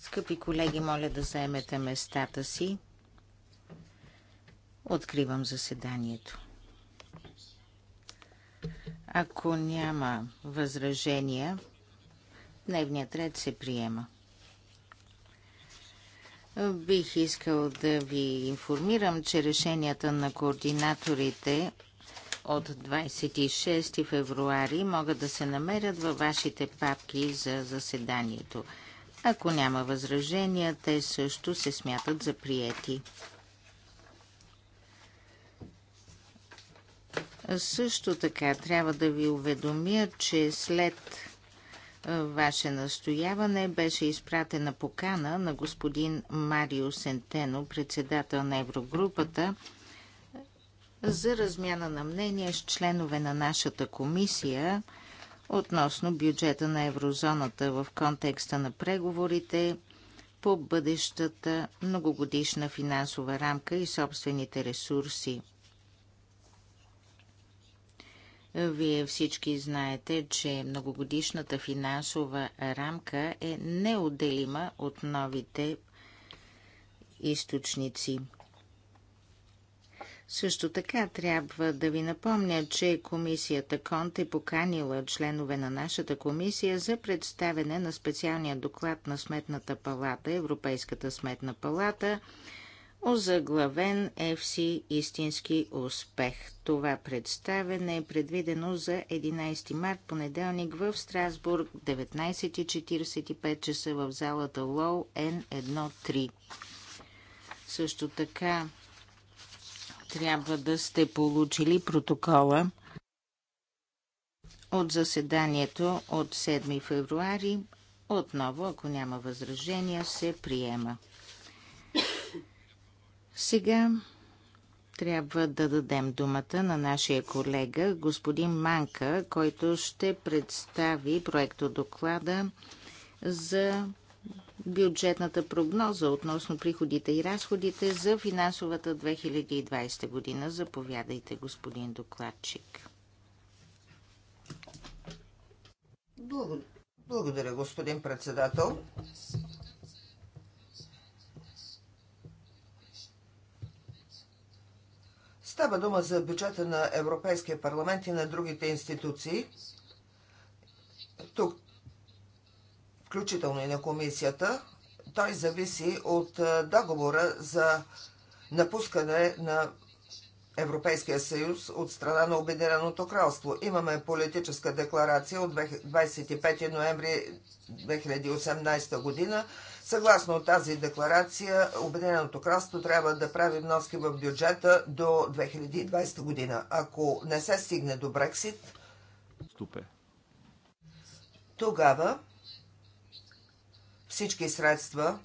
Скъпи колеги, моля да заемете местата си. Откривам заседанието. Ако няма възражения, дневният ред се приема. Бих искал да ви информирам, че решенията на координаторите от 26 февруари могат да се намерят във вашите папки за заседанието. Ако няма възражения, те също се смятат за приети. Също така трябва да ви уведомя, че след ваше настояване беше изпратена покана на господин Марио Сентено, председател на Еврогрупата, за размяна на мнение с членове на нашата комисия относно бюджета на еврозоната в контекста на преговорите по бъдещата многогодишна финансова рамка и собствените ресурси. Вие всички знаете, че многогодишната финансова рамка е неотделима от новите източници също така трябва да ви напомня, че комисията Конт е поканила членове на нашата комисия за представене на специалния доклад на Сметната палата, Европейската сметна палата, озаглавен FC Истински успех. Това представене е предвидено за 11 март понеделник в Страсбург, 19.45 часа в залата Лоу N13. Също така трябва да сте получили протокола от заседанието от 7 февруари. Отново, ако няма възражения, се приема. Сега трябва да дадем думата на нашия колега, господин Манка, който ще представи проекто доклада за бюджетната прогноза относно приходите и разходите за финансовата 2020 година. Заповядайте, господин докладчик. Благодаря, господин председател. Става дума за бюджета на Европейския парламент и на другите институции. Тук включително и на комисията, той зависи от договора за напускане на Европейския съюз от страна на Обединеното кралство. Имаме политическа декларация от 25 ноември 2018 година. Съгласно тази декларация, Обединеното кралство трябва да прави вноски в бюджета до 2020 година. Ако не се стигне до Брексит, тогава всички средства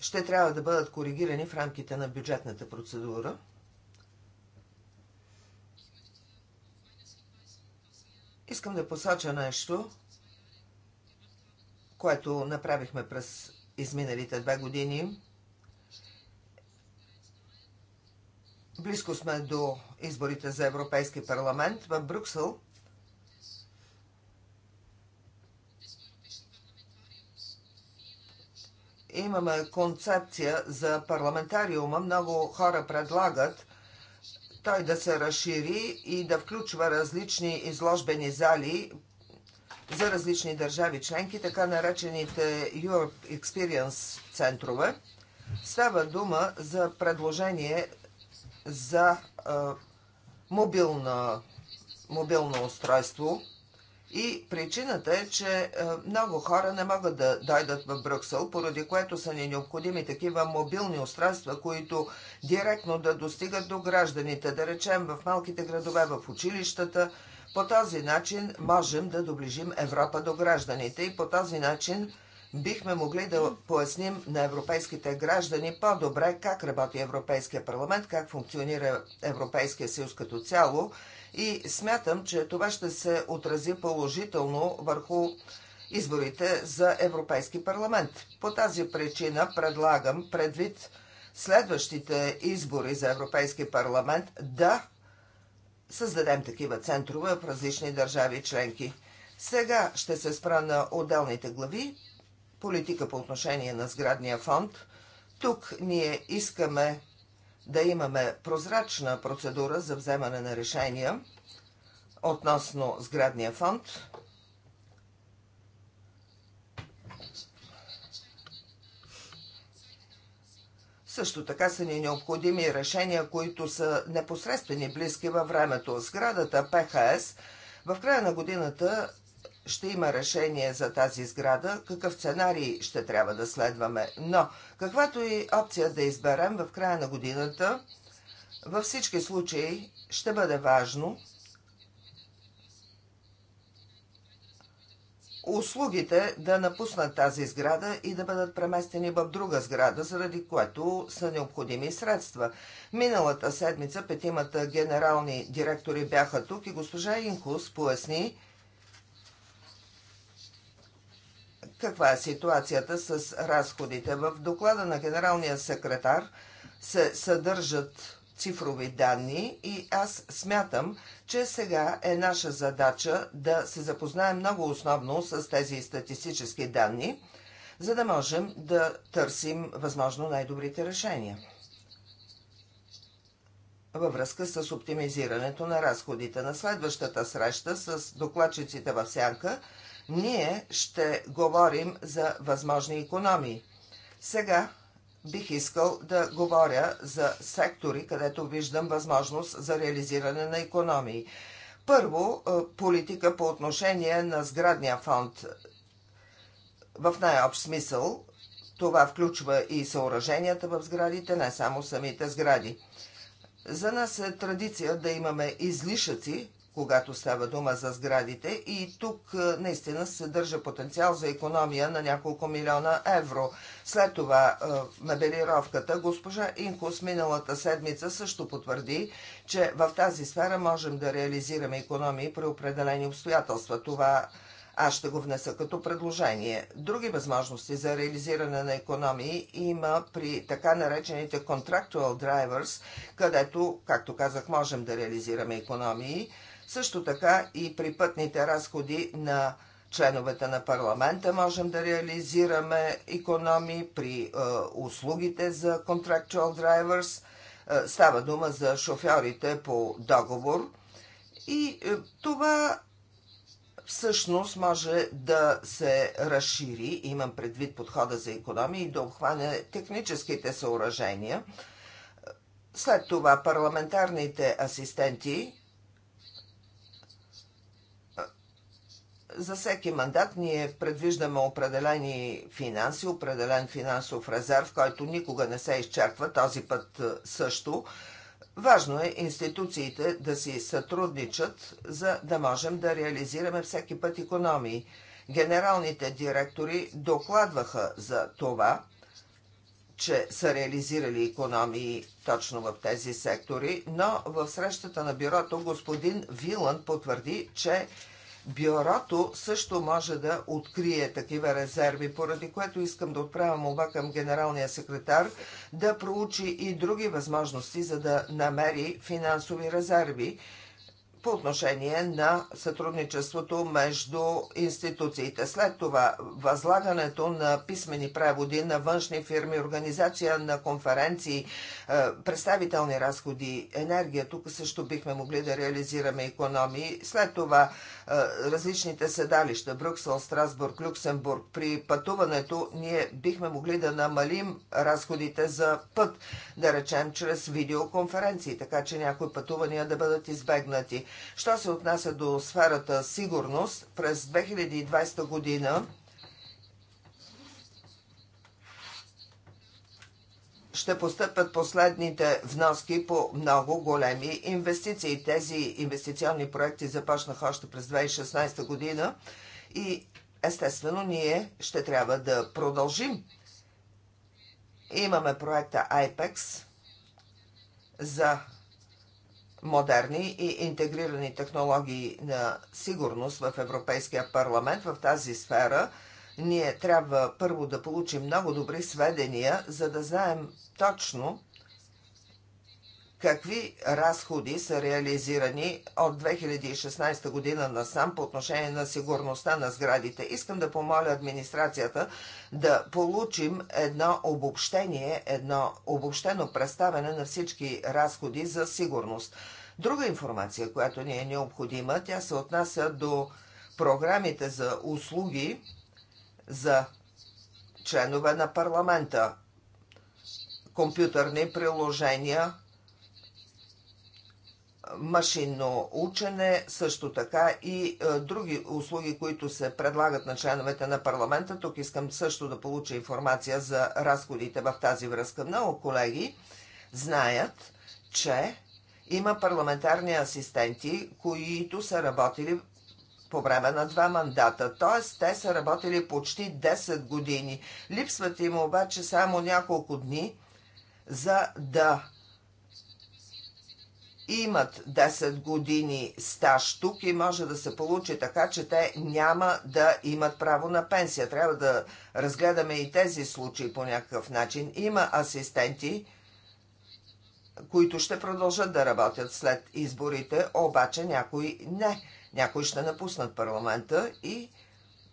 ще трябва да бъдат коригирани в рамките на бюджетната процедура. Искам да посоча нещо, което направихме през изминалите две години. Близко сме до изборите за Европейски парламент в Брюксел – имаме концепция за парламентариума. Много хора предлагат той да се разшири и да включва различни изложбени зали за различни държави членки, така наречените Europe Experience центрове. Става дума за предложение за мобилно устройство – и причината е, че е, много хора не могат да дойдат в Брюксел, поради което са ни необходими такива мобилни устройства, които директно да достигат до гражданите, да речем в малките градове, в училищата. По този начин можем да доближим Европа до гражданите и по този начин бихме могли да поясним на европейските граждани по-добре как работи Европейския парламент, как функционира Европейския съюз като цяло и смятам, че това ще се отрази положително върху изборите за Европейски парламент. По тази причина предлагам предвид следващите избори за Европейски парламент да създадем такива центрове в различни държави членки. Сега ще се спра на отделните глави. Политика по отношение на сградния фонд. Тук ние искаме да имаме прозрачна процедура за вземане на решения относно сградния фонд. Също така са ни необходими решения, които са непосредствени близки във времето. Сградата ПХС в края на годината ще има решение за тази сграда, какъв сценарий ще трябва да следваме. Но, каквато и опция да изберем в края на годината, във всички случаи ще бъде важно услугите да напуснат тази сграда и да бъдат преместени в друга сграда, заради което са необходими средства. Миналата седмица петимата генерални директори бяха тук и госпожа Инхус поясни, каква е ситуацията с разходите. В доклада на генералния секретар се съдържат цифрови данни и аз смятам, че сега е наша задача да се запознаем много основно с тези статистически данни, за да можем да търсим възможно най-добрите решения във връзка с оптимизирането на разходите. На следващата среща с докладчиците в Сянка – ние ще говорим за възможни економии. Сега бих искал да говоря за сектори, където виждам възможност за реализиране на економии. Първо, е, политика по отношение на сградния фонд. В най-общ смисъл това включва и съоръженията в сградите, не само самите сгради. За нас е традиция да имаме излишъци, когато става дума за сградите. И тук е, наистина се държа потенциал за економия на няколко милиона евро. След това е, мебелировката госпожа Инкус миналата седмица също потвърди, че в тази сфера можем да реализираме економии при определени обстоятелства. Това аз ще го внеса като предложение. Други възможности за реализиране на економии има при така наречените contractual drivers, където, както казах, можем да реализираме економии. Също така и при пътните разходи на членовете на парламента можем да реализираме економии при е, услугите за contractual drivers. Е, става дума за шофьорите по договор. И е, това всъщност може да се разшири, имам предвид подхода за економии, и да обхване техническите съоръжения. След това парламентарните асистенти за всеки мандат ние предвиждаме определени финанси, определен финансов резерв, който никога не се изчерпва, този път е, също. Важно е институциите да си сътрудничат, за да можем да реализираме всеки път економии. Генералните директори докладваха за това, че са реализирали економии точно в тези сектори, но в срещата на бюрото господин Вилан потвърди, че Бюрото също може да открие такива резерви, поради което искам да отправя молба към генералния секретар да проучи и други възможности, за да намери финансови резерви по отношение на сътрудничеството между институциите. След това възлагането на писмени преводи на външни фирми, организация на конференции, е, представителни разходи, енергия. Тук също бихме могли да реализираме економии. След това различните седалища Брюксел, Страсбург, Люксембург, при пътуването ние бихме могли да намалим разходите за път, да речем чрез видеоконференции, така че някои пътувания да бъдат избегнати. Що се отнася до сферата сигурност, през 2020 година ще постъпят последните вноски по много големи инвестиции. Тези инвестиционни проекти започнаха още през 2016 година и естествено ние ще трябва да продължим. Имаме проекта IPEX за модерни и интегрирани технологии на сигурност в Европейския парламент в тази сфера – ние трябва първо да получим много добри сведения, за да знаем точно какви разходи са реализирани от 2016 година насам по отношение на сигурността на сградите. Искам да помоля администрацията да получим едно обобщение, едно обобщено представяне на всички разходи за сигурност. Друга информация, която ни е необходима, тя се отнася до програмите за услуги, за членове на парламента, компютърни приложения, машинно учене, също така и е, други услуги, които се предлагат на членовете на парламента. Тук искам също да получа информация за разходите в тази връзка. Много колеги знаят, че има парламентарни асистенти, които са работили по време на два мандата. Т.е. те са работили почти 10 години. Липсват им обаче само няколко дни, за да имат 10 години стаж тук и може да се получи така, че те няма да имат право на пенсия. Трябва да разгледаме и тези случаи по някакъв начин. Има асистенти, които ще продължат да работят след изборите, обаче някои не. Някои ще напуснат парламента и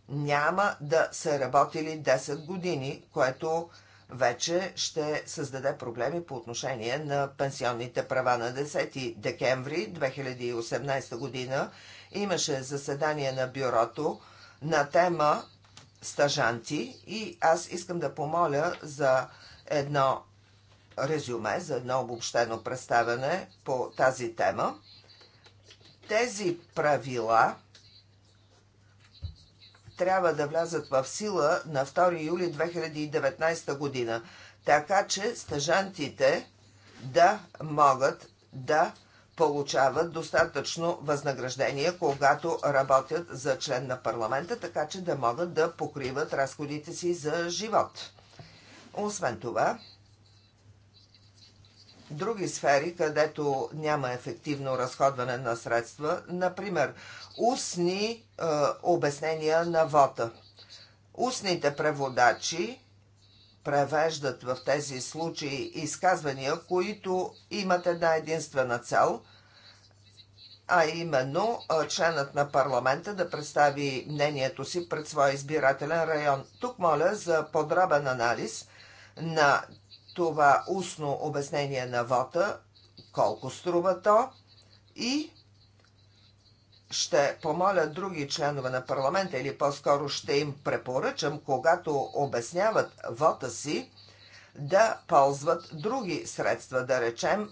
няма да са работили 10 години, което вече ще създаде проблеми по отношение на пенсионните права. На 10 декември 2018 година имаше заседание на бюрото на тема стажанти и аз искам да помоля за едно резюме, за едно обобщено представяне по тази тема тези правила трябва да влязат в сила на 2 юли 2019 година, така че стъжантите да могат да получават достатъчно възнаграждение, когато работят за член на парламента, така че да могат да покриват разходите си за живот. Освен това, други сфери, където няма ефективно разходване на средства, например устни е, обяснения на вота. Устните преводачи превеждат в тези случаи изказвания, които имат една единствена цел – а именно е, членът на парламента да представи мнението си пред своя избирателен район. Тук моля за подробен анализ на това устно обяснение на вота, колко струва то и ще помоля други членове на парламента или по-скоро ще им препоръчам, когато обясняват вота си, да ползват други средства, да речем е,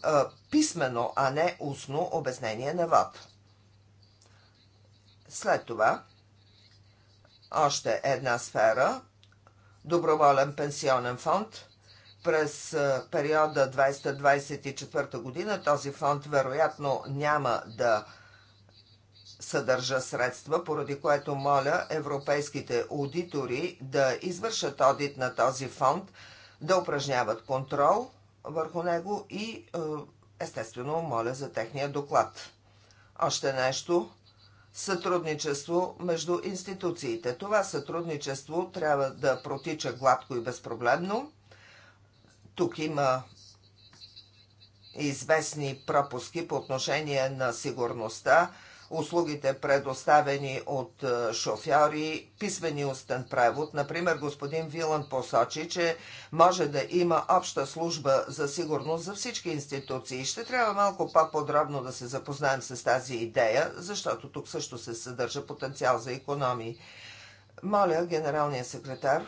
писмено, а не устно обяснение на вод. След това, още една сфера – доброволен пенсионен фонд – през периода 2024 година този фонд вероятно няма да съдържа средства, поради което моля европейските аудитори да извършат одит на този фонд, да упражняват контрол върху него и естествено моля за техния доклад. Още нещо сътрудничество между институциите. Това сътрудничество трябва да протича гладко и безпроблемно. Тук има известни пропуски по отношение на сигурността, услугите предоставени от е, шофьори, писмени устен превод. Например, господин Вилан посочи, че може да има обща служба за сигурност за всички институции. Ще трябва малко по-подробно да се запознаем с тази идея, защото тук също се съдържа потенциал за економии. Моля, генералния секретар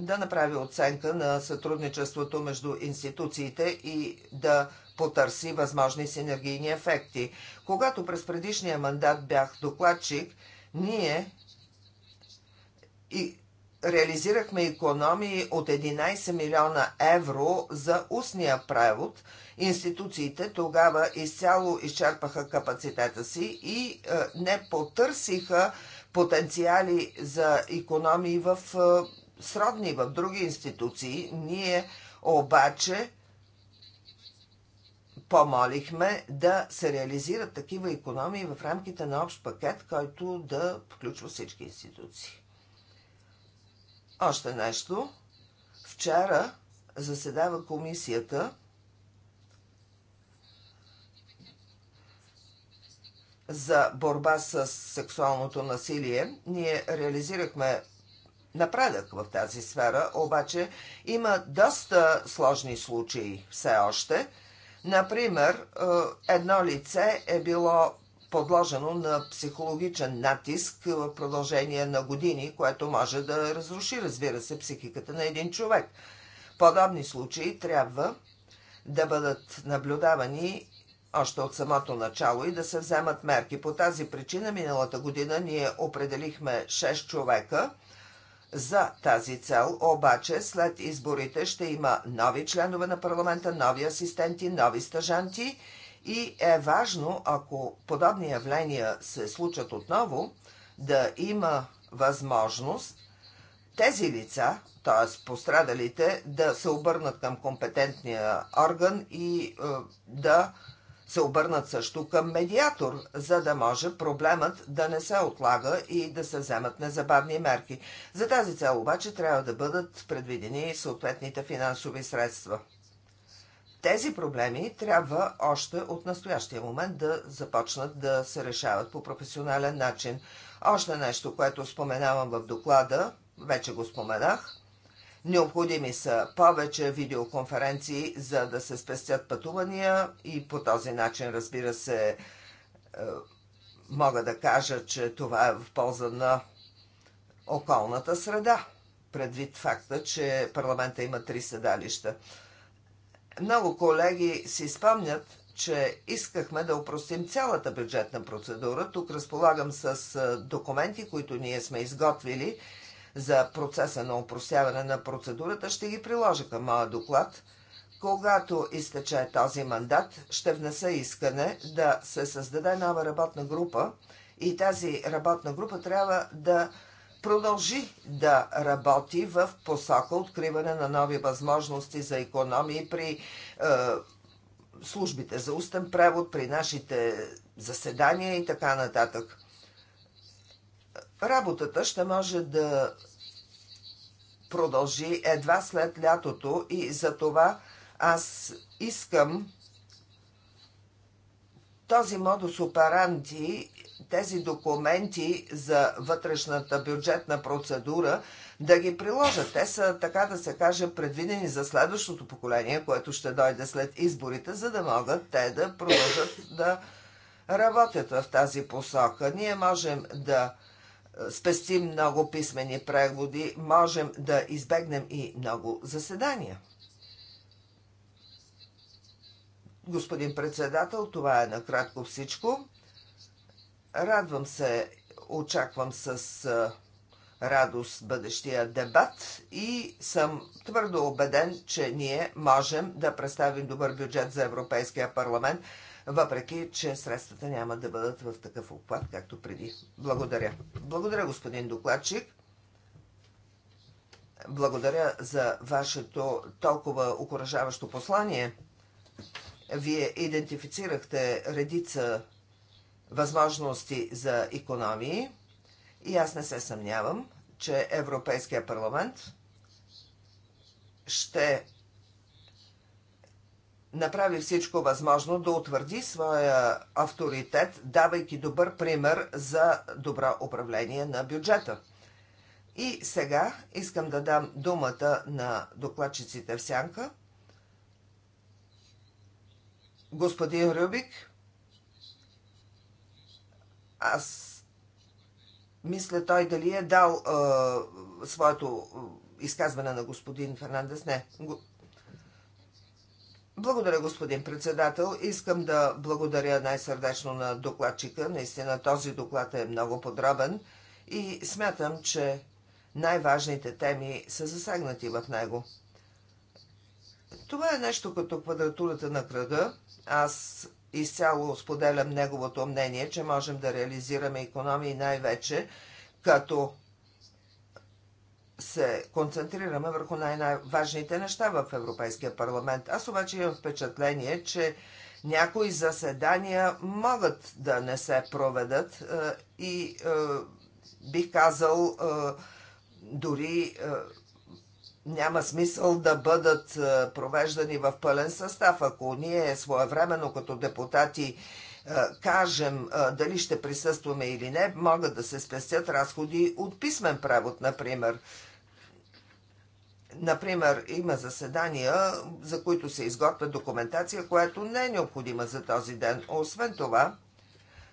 да направи оценка на сътрудничеството между институциите и да потърси възможни синергийни ефекти. Когато през предишния мандат бях докладчик, ние и реализирахме економии от 11 милиона евро за устния превод. Институциите тогава изцяло изчерпаха капацитета си и е, не потърсиха потенциали за економии в е, сродни в други институции, ние обаче помолихме да се реализират такива економии в рамките на общ пакет, който да включва всички институции. Още нещо. Вчера заседава комисията за борба с сексуалното насилие. Ние реализирахме напредък в тази сфера, обаче има доста сложни случаи все още. Например, е, едно лице е било подложено на психологичен натиск в продължение на години, което може да разруши, разбира се, психиката на един човек. Подобни случаи трябва да бъдат наблюдавани още от самото начало и да се вземат мерки. По тази причина миналата година ние определихме 6 човека – за тази цел обаче след изборите ще има нови членове на парламента, нови асистенти, нови стажанти и е важно, ако подобни явления се случат отново, да има възможност тези лица, т.е. пострадалите, да се обърнат към компетентния орган и е, да се обърнат също към медиатор, за да може проблемът да не се отлага и да се вземат незабавни мерки. За тази цел обаче трябва да бъдат предвидени съответните финансови средства. Тези проблеми трябва още от настоящия момент да започнат да се решават по професионален начин. Още нещо, което споменавам в доклада, вече го споменах – Необходими са повече видеоконференции, за да се спестят пътувания и по този начин, разбира се, е, мога да кажа, че това е в полза на околната среда, предвид факта, че парламента има три седалища. Много колеги си спомнят, че искахме да упростим цялата бюджетна процедура. Тук разполагам с е, документи, които ние сме изготвили – за процеса на упростяване на процедурата, ще ги приложа към моя доклад. Когато изтече този мандат, ще внеса искане да се създаде нова работна група и тази работна група трябва да продължи да работи в посока откриване на нови възможности за економии при е, службите за устен превод, при нашите заседания и така нататък работата ще може да продължи едва след лятото и за това аз искам този модус операнти, тези документи за вътрешната бюджетна процедура да ги приложат. Те са, така да се каже, предвидени за следващото поколение, което ще дойде след изборите, за да могат те да продължат да работят в тази посока. Ние можем да спестим много писмени преводи, можем да избегнем и много заседания. Господин председател, това е накратко всичко. Радвам се, очаквам с радост бъдещия дебат и съм твърдо убеден, че ние можем да представим добър бюджет за Европейския парламент – въпреки че средствата няма да бъдат в такъв оплат, както преди. Благодаря. Благодаря, господин докладчик. Благодаря за вашето толкова окоръжаващо послание. Вие идентифицирахте редица възможности за економии и аз не се съмнявам, че Европейския парламент ще направи всичко възможно да утвърди своя авторитет, давайки добър пример за добро управление на бюджета. И сега искам да дам думата на докладчиците в сянка. Господин Рюбик, аз мисля той дали е дал е, своето изказване на господин Фернандес. Не. Благодаря, господин председател. Искам да благодаря най-сърдечно на докладчика. Наистина този доклад е много подробен и смятам, че най-важните теми са засегнати в него. Това е нещо като квадратурата на кръга. Аз изцяло споделям неговото мнение, че можем да реализираме економии най-вече като се концентрираме върху най-важните неща в Европейския парламент. Аз обаче имам впечатление, че някои заседания могат да не се проведат е, и е, бих казал е, дори няма смисъл да бъдат провеждани в пълен състав. Ако ние своевременно като депутати кажем дали ще присъстваме или не, могат да се спестят разходи от писмен превод, например. Например, има заседания, за които се изготвя документация, която не е необходима за този ден. Освен това,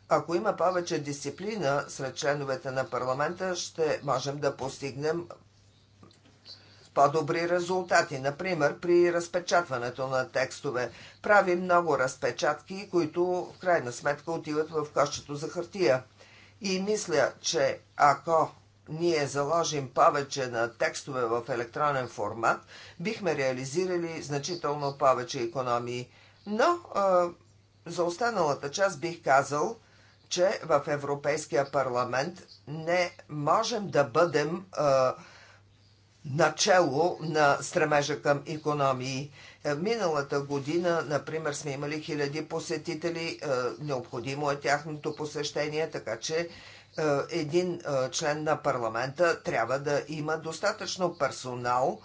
ако има повече дисциплина сред членовете на парламента, ще можем да постигнем по-добри резултати. Например, при разпечатването на текстове прави много разпечатки, които в крайна сметка отиват в кощето за хартия. И мисля, че ако ние заложим повече на текстове в електронен формат, бихме реализирали значително повече економии. Но за останалата част бих казал, че в Европейския парламент не можем да бъдем начало на стремежа към економии. Е, миналата година, например, сме имали хиляди посетители, е, необходимо е тяхното посещение, така че е, един е, член на парламента трябва да има достатъчно персонал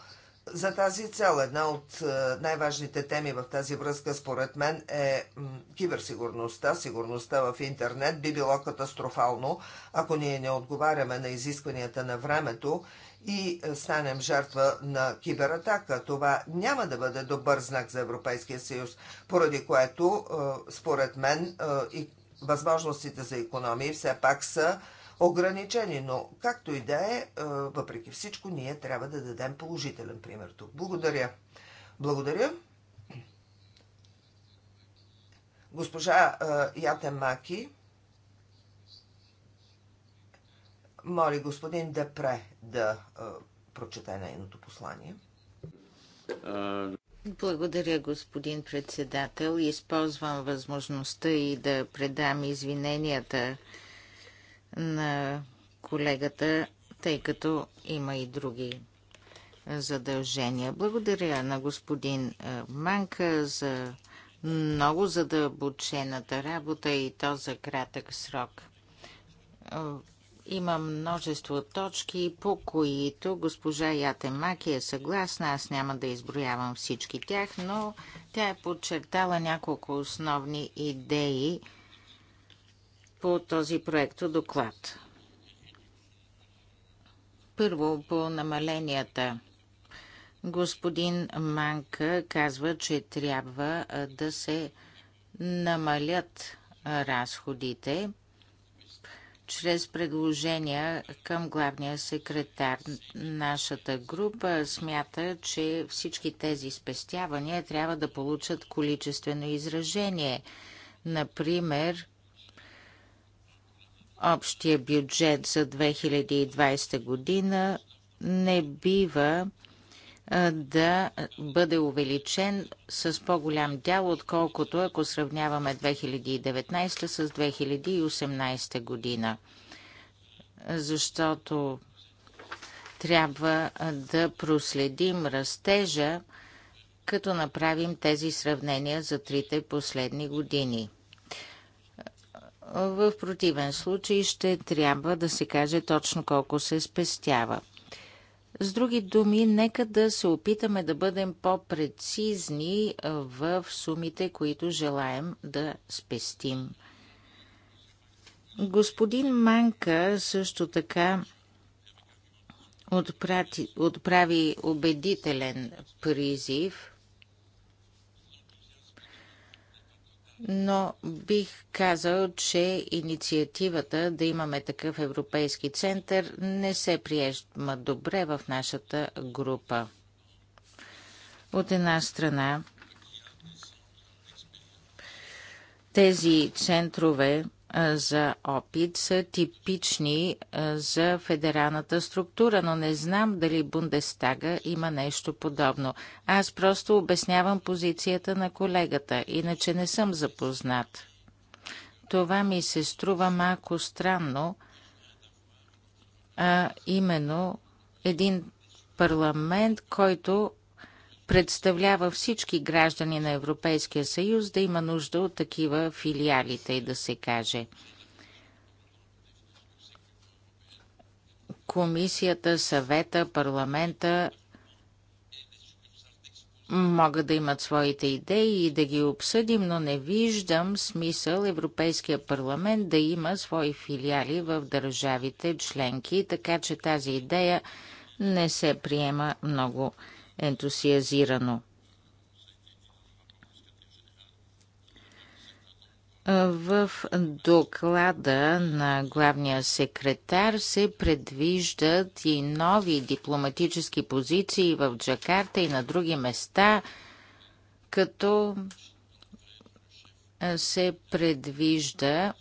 за тази цел. Една от е, най-важните теми в тази връзка, според мен, е киберсигурността. Сигурността в интернет би било катастрофално, ако ние не отговаряме на изискванията на времето и станем жертва на кибератака. Това няма да бъде добър знак за Европейския съюз, поради което, според мен, и възможностите за економии все пак са ограничени, но както и да е, е, въпреки всичко, ние трябва да дадем положителен пример тук. Благодаря. Благодаря. Госпожа е, Ятен Маки моли господин Депре да е, прочете нейното послание. Uh, благодаря, господин председател. Използвам възможността и да предам извиненията на колегата, тъй като има и други задължения. Благодаря на господин Манка за много задълбочената работа и то за кратък срок. Има множество точки, по които госпожа Ятемаки е съгласна. Аз няма да изброявам всички тях, но тя е подчертала няколко основни идеи по този проекто доклад. Първо по намаленията. Господин Манка казва, че трябва да се намалят разходите чрез предложения към главния секретар. Нашата група смята, че всички тези спестявания трябва да получат количествено изражение. Например, общия бюджет за 2020 година не бива да бъде увеличен с по-голям дял, отколкото ако сравняваме 2019 с 2018 година. Защото трябва да проследим растежа, като направим тези сравнения за трите последни години. В противен случай ще трябва да се каже точно колко се спестява. С други думи, нека да се опитаме да бъдем по-прецизни в сумите, които желаем да спестим. Господин Манка също така отправи убедителен призив но бих казал, че инициативата да имаме такъв европейски център не се приема добре в нашата група. От една страна, тези центрове за опит са типични за федералната структура, но не знам дали Бундестага има нещо подобно. Аз просто обяснявам позицията на колегата, иначе не съм запознат. Това ми се струва малко странно, а именно един парламент, който представлява всички граждани на Европейския съюз, да има нужда от такива филиали, и да се каже. Комисията, съвета, парламента могат да имат своите идеи и да ги обсъдим, но не виждам смисъл Европейския парламент да има свои филиали в държавите членки, така че тази идея не се приема много ентусиазирано. В доклада на главния секретар се предвиждат и нови дипломатически позиции в Джакарта и на други места, като се предвижда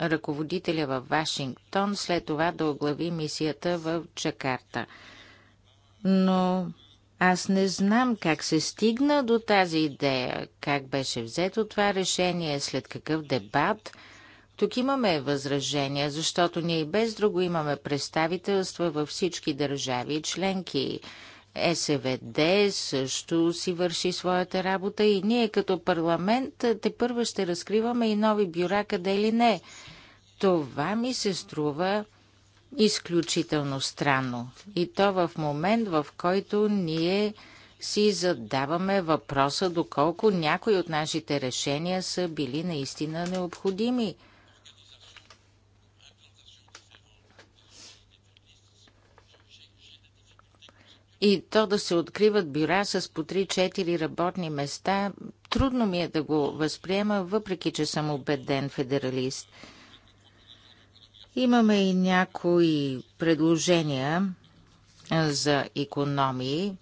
ръководителя в Вашингтон след това да оглави мисията в Джакарта. Но аз не знам как се стигна до тази идея, как беше взето това решение, след какъв дебат. Тук имаме възражения, защото ние и без друго имаме представителства във всички държави и членки. СВД е също си върши своята работа и ние като парламент те първа ще разкриваме и нови бюра, къде ли не. Това ми се струва изключително странно. И то в момент, в който ние си задаваме въпроса доколко някои от нашите решения са били наистина необходими. И то да се откриват бюра с по 3-4 работни места, трудно ми е да го възприема, въпреки че съм убеден федералист. Имаме и някои предложения за економии.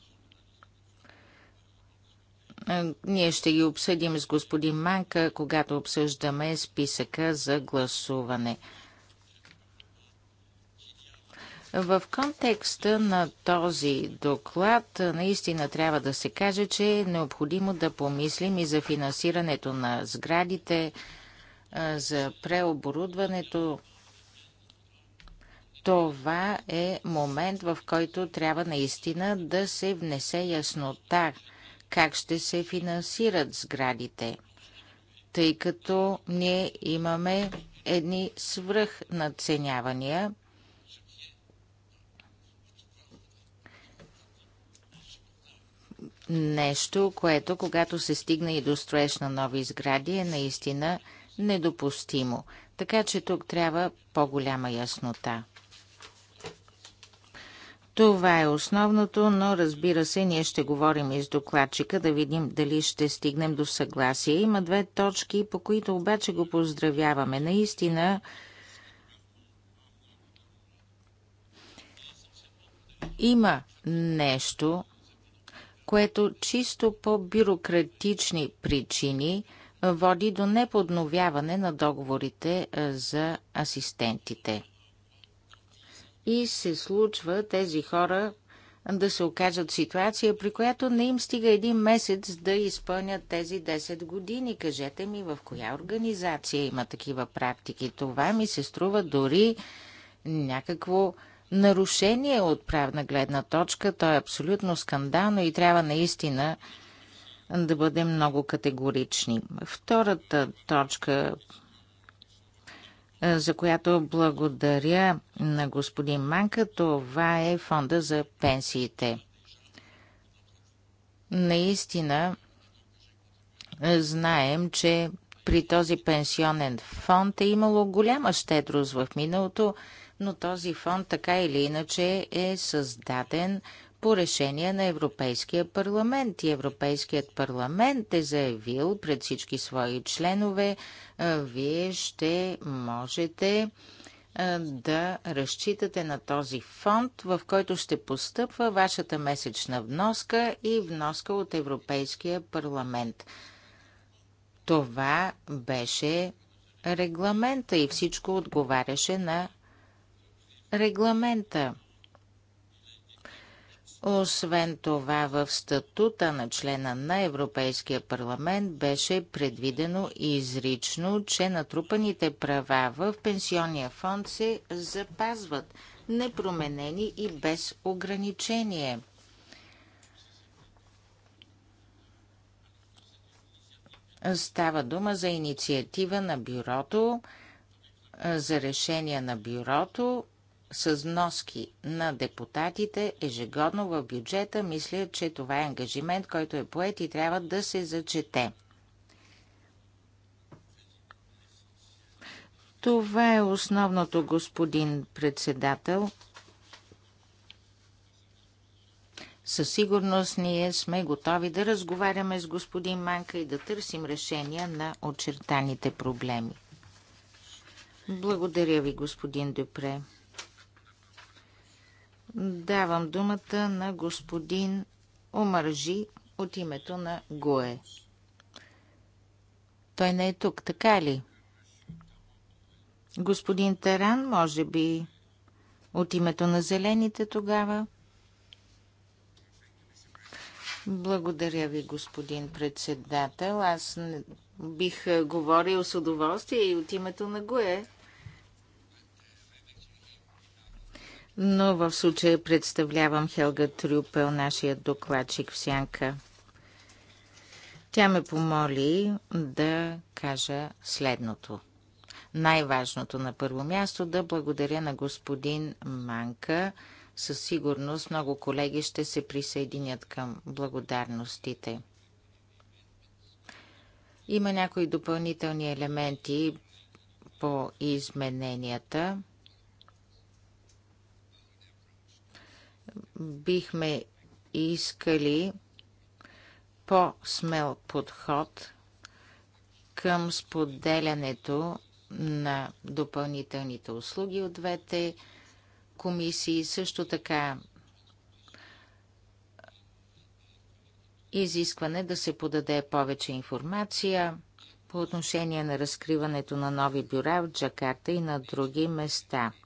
Ние ще ги обсъдим с господин Манка, когато обсъждаме списъка за гласуване. В контекста на този доклад наистина трябва да се каже, че е необходимо да помислим и за финансирането на сградите, за преоборудването това е момент, в който трябва наистина да се внесе яснота как ще се финансират сградите, тъй като ние имаме едни свръхнадценявания. Нещо, което когато се стигне и до строеж на нови сгради е наистина недопустимо. Така че тук трябва по-голяма яснота. Това е основното, но разбира се, ние ще говорим и с докладчика да видим дали ще стигнем до съгласие. Има две точки, по които обаче го поздравяваме. Наистина има нещо, което чисто по бюрократични причини води до неподновяване на договорите за асистентите и се случва тези хора да се окажат в ситуация, при която не им стига един месец да изпълнят тези 10 години. Кажете ми, в коя организация има такива практики? Това ми се струва дори някакво нарушение от правна гледна точка. То е абсолютно скандално и трябва наистина да бъдем много категорични. Втората точка, е, за която благодаря на господин Манка. Това е фонда за пенсиите. Наистина знаем, че при този пенсионен фонд е имало голяма щедрост в миналото, но този фонд така или иначе е създаден по решение на Европейския парламент. И Европейският парламент е заявил пред всички свои членове, вие ще можете да разчитате на този фонд, в който ще постъпва вашата месечна вноска и вноска от Европейския парламент. Това беше регламента и всичко отговаряше на регламента. Освен това, в статута на члена на Европейския парламент беше предвидено изрично, че натрупаните права в пенсионния фонд се запазват непроменени и без ограничение. Става дума за инициатива на бюрото, за решение на бюрото с вноски на депутатите ежегодно в бюджета. Мисля, че това е ангажимент, който е поет и трябва да се зачете. Това е основното, господин председател. Със сигурност ние сме готови да разговаряме с господин Манка и да търсим решения на очертаните проблеми. Благодаря ви, господин Депре. Давам думата на господин Омържи от името на Гое. Той не е тук, така ли? Господин Таран, може би от името на зелените тогава. Благодаря ви, господин председател. Аз бих е, говорил с удоволствие и от името на Гое. но в случая представлявам Хелга Трюпел, нашия докладчик в Сянка. Тя ме помоли да кажа следното. Най-важното на първо място да благодаря на господин Манка. Със сигурност много колеги ще се присъединят към благодарностите. Има някои допълнителни елементи по измененията. бихме искали по-смел подход към споделянето на допълнителните услуги от двете комисии. Също така изискване да се подаде повече информация по отношение на разкриването на нови бюра в Джакарта и на други места –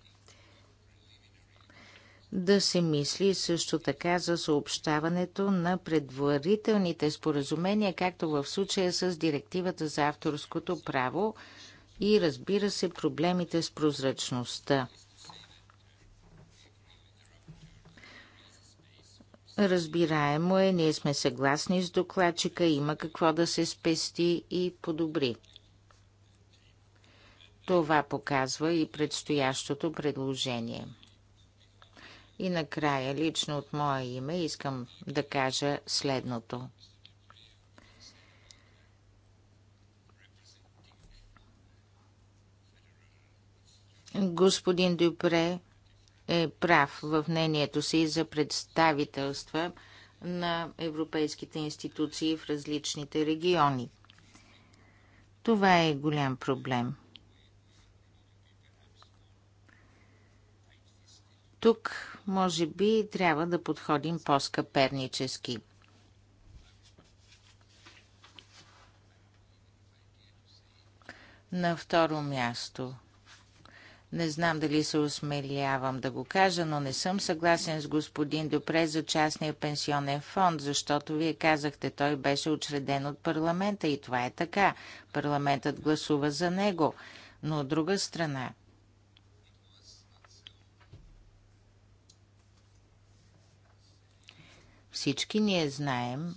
да се мисли също така за съобщаването на предварителните споразумения, както в случая с директивата за авторското право и разбира се проблемите с прозрачността. Разбираемо е, ние сме съгласни с докладчика, има какво да се спести и подобри. Това показва и предстоящото предложение. И накрая, лично от мое име, искам да кажа следното. Господин Дюпре е прав в мнението си за представителства на европейските институции в различните региони. Това е голям проблем. Тук, може би, трябва да подходим по-скъпернически. На второ място. Не знам дали се осмелявам да го кажа, но не съм съгласен с господин Допре за частния пенсионен фонд, защото вие казахте, той беше учреден от парламента и това е така. Парламентът гласува за него. Но от друга страна, Всички ние знаем,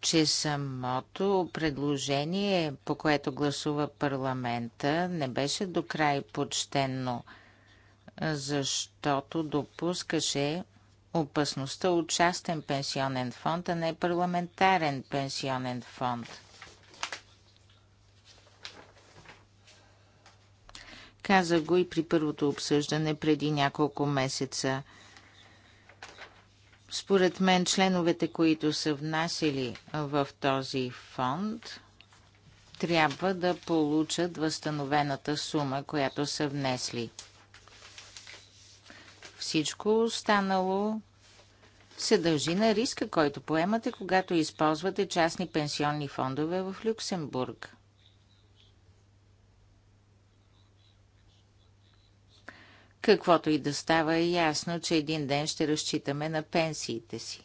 че самото предложение, по което гласува парламента, не беше до край почтенно, защото допускаше опасността от частен пенсионен фонд, а не парламентарен пенсионен фонд. Каза го и при първото обсъждане преди няколко месеца. Според мен членовете, които са внасили в този фонд, трябва да получат възстановената сума, която са внесли. Всичко останало се дължи на риска, който поемате, когато използвате частни пенсионни фондове в Люксембург. Каквото и да става, е ясно, че един ден ще разчитаме на пенсиите си.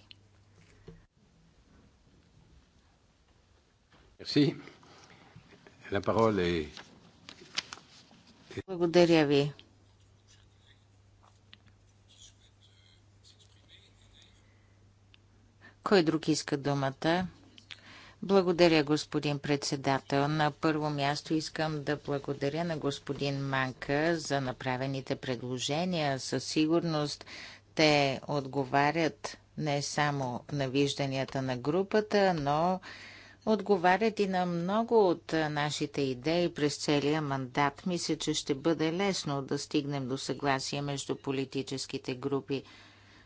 Благодаря ви. Кой друг иска думата? Благодаря, господин председател. На първо място искам да благодаря на господин Манка за направените предложения. Със сигурност те отговарят не само на вижданията на групата, но отговарят и на много от нашите идеи през целия мандат. Мисля, че ще бъде лесно да стигнем до съгласие между политическите групи.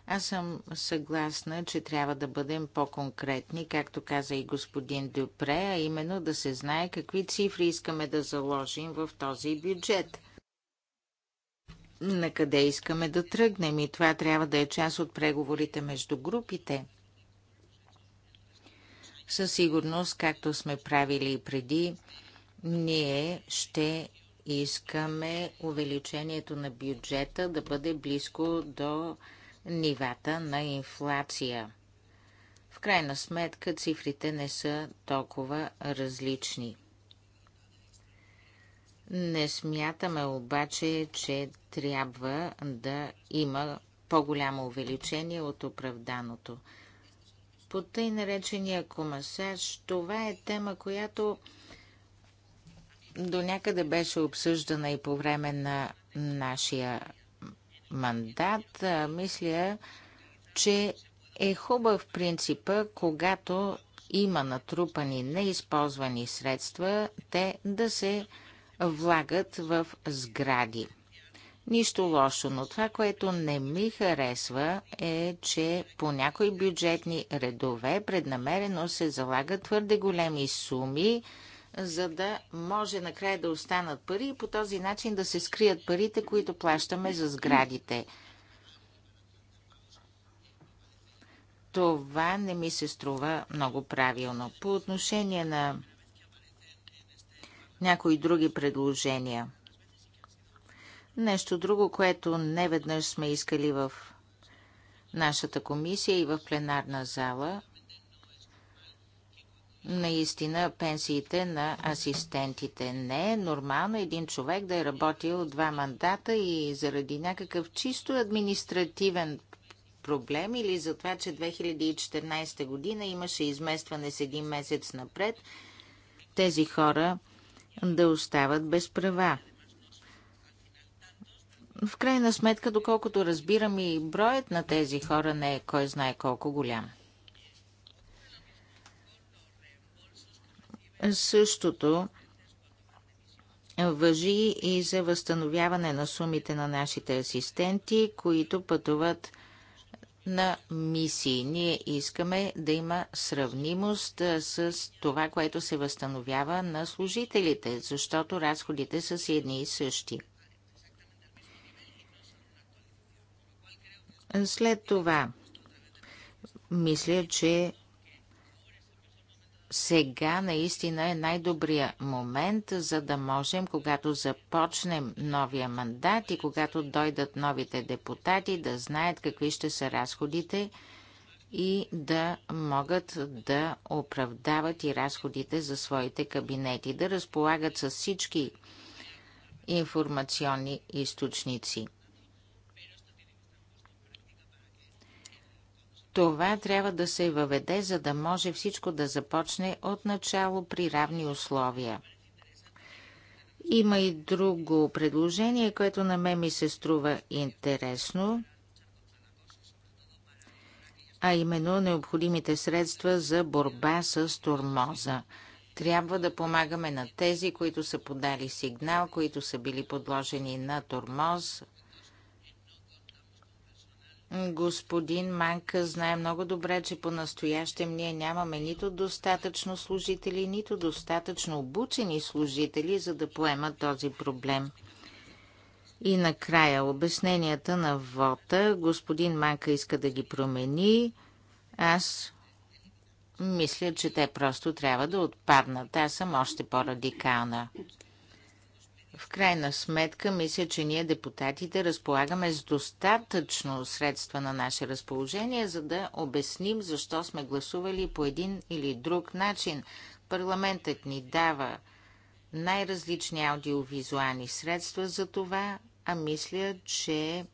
Аз съм съгласна, че трябва да бъдем по-конкретни, както каза и господин Дюпре, а именно да се знае какви цифри искаме да заложим в този бюджет. На къде искаме да тръгнем и това трябва да е част от преговорите между групите. Със сигурност, както сме правили и преди, ние ще искаме увеличението на бюджета да бъде близко до нивата на инфлация. В крайна сметка цифрите не са толкова различни. Не смятаме обаче, че трябва да има по-голямо увеличение от оправданото. По тъй наречения комасаж, това е тема, която до някъде беше обсъждана и по време на нашия мандат, мисля, че е хубав принцип, когато има натрупани неизползвани средства, те да се влагат в сгради. Нищо лошо, но това, което не ми харесва е, че по някои бюджетни редове преднамерено се залагат твърде големи суми, за да може накрая да останат пари и по този начин да се скрият парите, които плащаме за сградите. Това не ми се струва много правилно. По отношение на някои други предложения. Нещо друго, което неведнъж сме искали в нашата комисия и в пленарна зала – Наистина, пенсиите на асистентите. Не е нормално един човек да е работил два мандата и заради някакъв чисто административен проблем или за това, че 2014 година имаше изместване с един месец напред, тези хора да остават без права. В крайна сметка, доколкото разбирам и броят на тези хора не е кой знае колко голям. Същото въжи и за възстановяване на сумите на нашите асистенти, които пътуват на мисии. Ние искаме да има сравнимост с това, което се възстановява на служителите, защото разходите са си едни и същи. След това, мисля, че сега наистина е най-добрия момент, за да можем, когато започнем новия мандат и когато дойдат новите депутати, да знаят какви ще са разходите и да могат да оправдават и разходите за своите кабинети, да разполагат с всички информационни източници. Това трябва да се въведе, за да може всичко да започне от начало при равни условия. Има и друго предложение, което на мен ми се струва интересно, а именно необходимите средства за борба с турмоза. Трябва да помагаме на тези, които са подали сигнал, които са били подложени на турмоз, Господин Манка знае много добре, че по-настоящем ние нямаме нито достатъчно служители, нито достатъчно обучени служители, за да поемат този проблем. И накрая обясненията на вота. Господин Манка иска да ги промени. Аз мисля, че те просто трябва да отпаднат. Аз съм още по-радикална. В крайна сметка, мисля, че ние депутатите разполагаме с достатъчно средства на наше разположение, за да обясним защо сме гласували по един или друг начин. Парламентът ни дава най-различни аудиовизуални средства за това, а мисля, че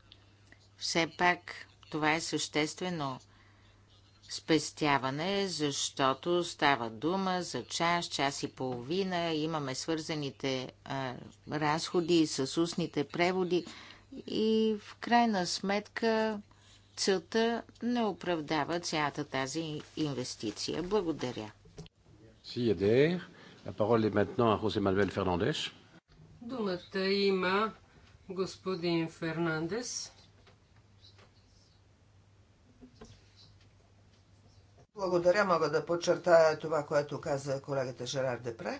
все пак това е съществено спестяване, защото става дума за час, час и половина, имаме свързаните а, разходи с устните преводи и в крайна сметка целта не оправдава цялата тази инвестиция. Благодаря. Думата има господин Фернандес. Благодаря. Мога да подчертая това, което каза колегата Жерар Депре.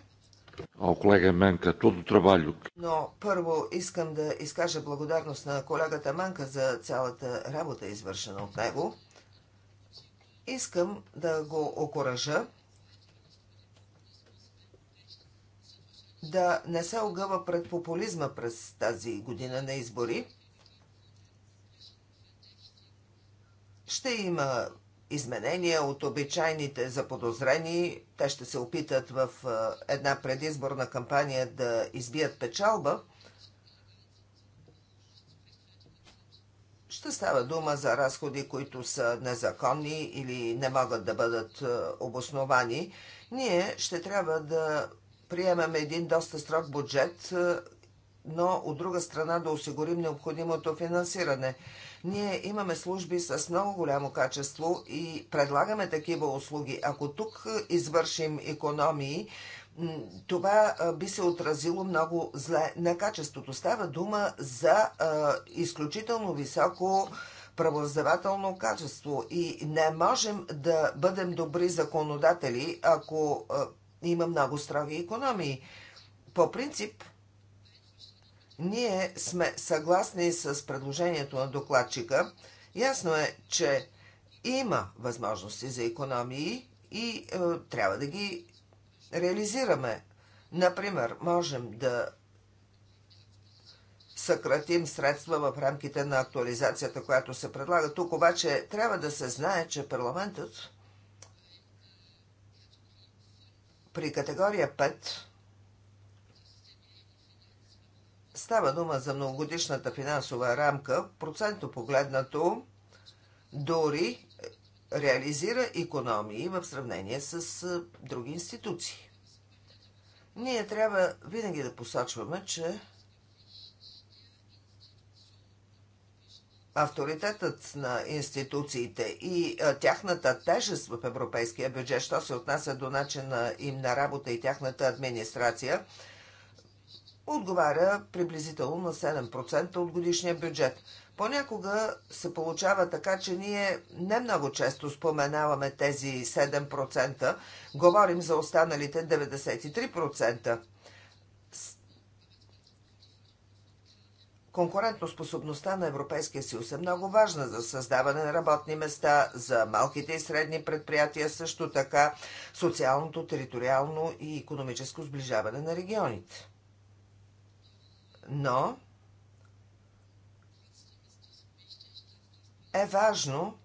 Ao колега Менка, todo o Но първо искам да изкажа благодарност на колегата Манка за цялата работа, извършена от него. Искам да го окоръжа да не се огъва пред популизма през тази година на избори. Ще има изменения от обичайните заподозрени. Те ще се опитат в една предизборна кампания да избият печалба. Ще става дума за разходи, които са незаконни или не могат да бъдат обосновани. Ние ще трябва да приемем един доста строг бюджет, но от друга страна да осигурим необходимото финансиране. Ние имаме служби с много голямо качество и предлагаме такива услуги. Ако тук извършим економии, това би се отразило много зле на качеството. Става дума за изключително високо правоздавателно качество и не можем да бъдем добри законодатели, ако има много строги економии. По принцип, ние сме съгласни с предложението на докладчика. Ясно е, че има възможности за економии и е, трябва да ги реализираме. Например, можем да съкратим средства в рамките на актуализацията, която се предлага. Тук обаче трябва да се знае, че парламентът при категория Става дума за многогодишната финансова рамка, процентно погледнато дори реализира економии в сравнение с други институции. Ние трябва винаги да посочваме, че авторитетът на институциите и тяхната тежест в европейския бюджет, що се отнася до начина им на работа и тяхната администрация – отговаря приблизително на 7% от годишния бюджет. Понякога се получава така, че ние не много често споменаваме тези 7%, говорим за останалите 93%. Конкурентоспособността на Европейския съюз е много важна за създаване на работни места, за малките и средни предприятия, също така социалното, териториално и економическо сближаване на регионите но е важно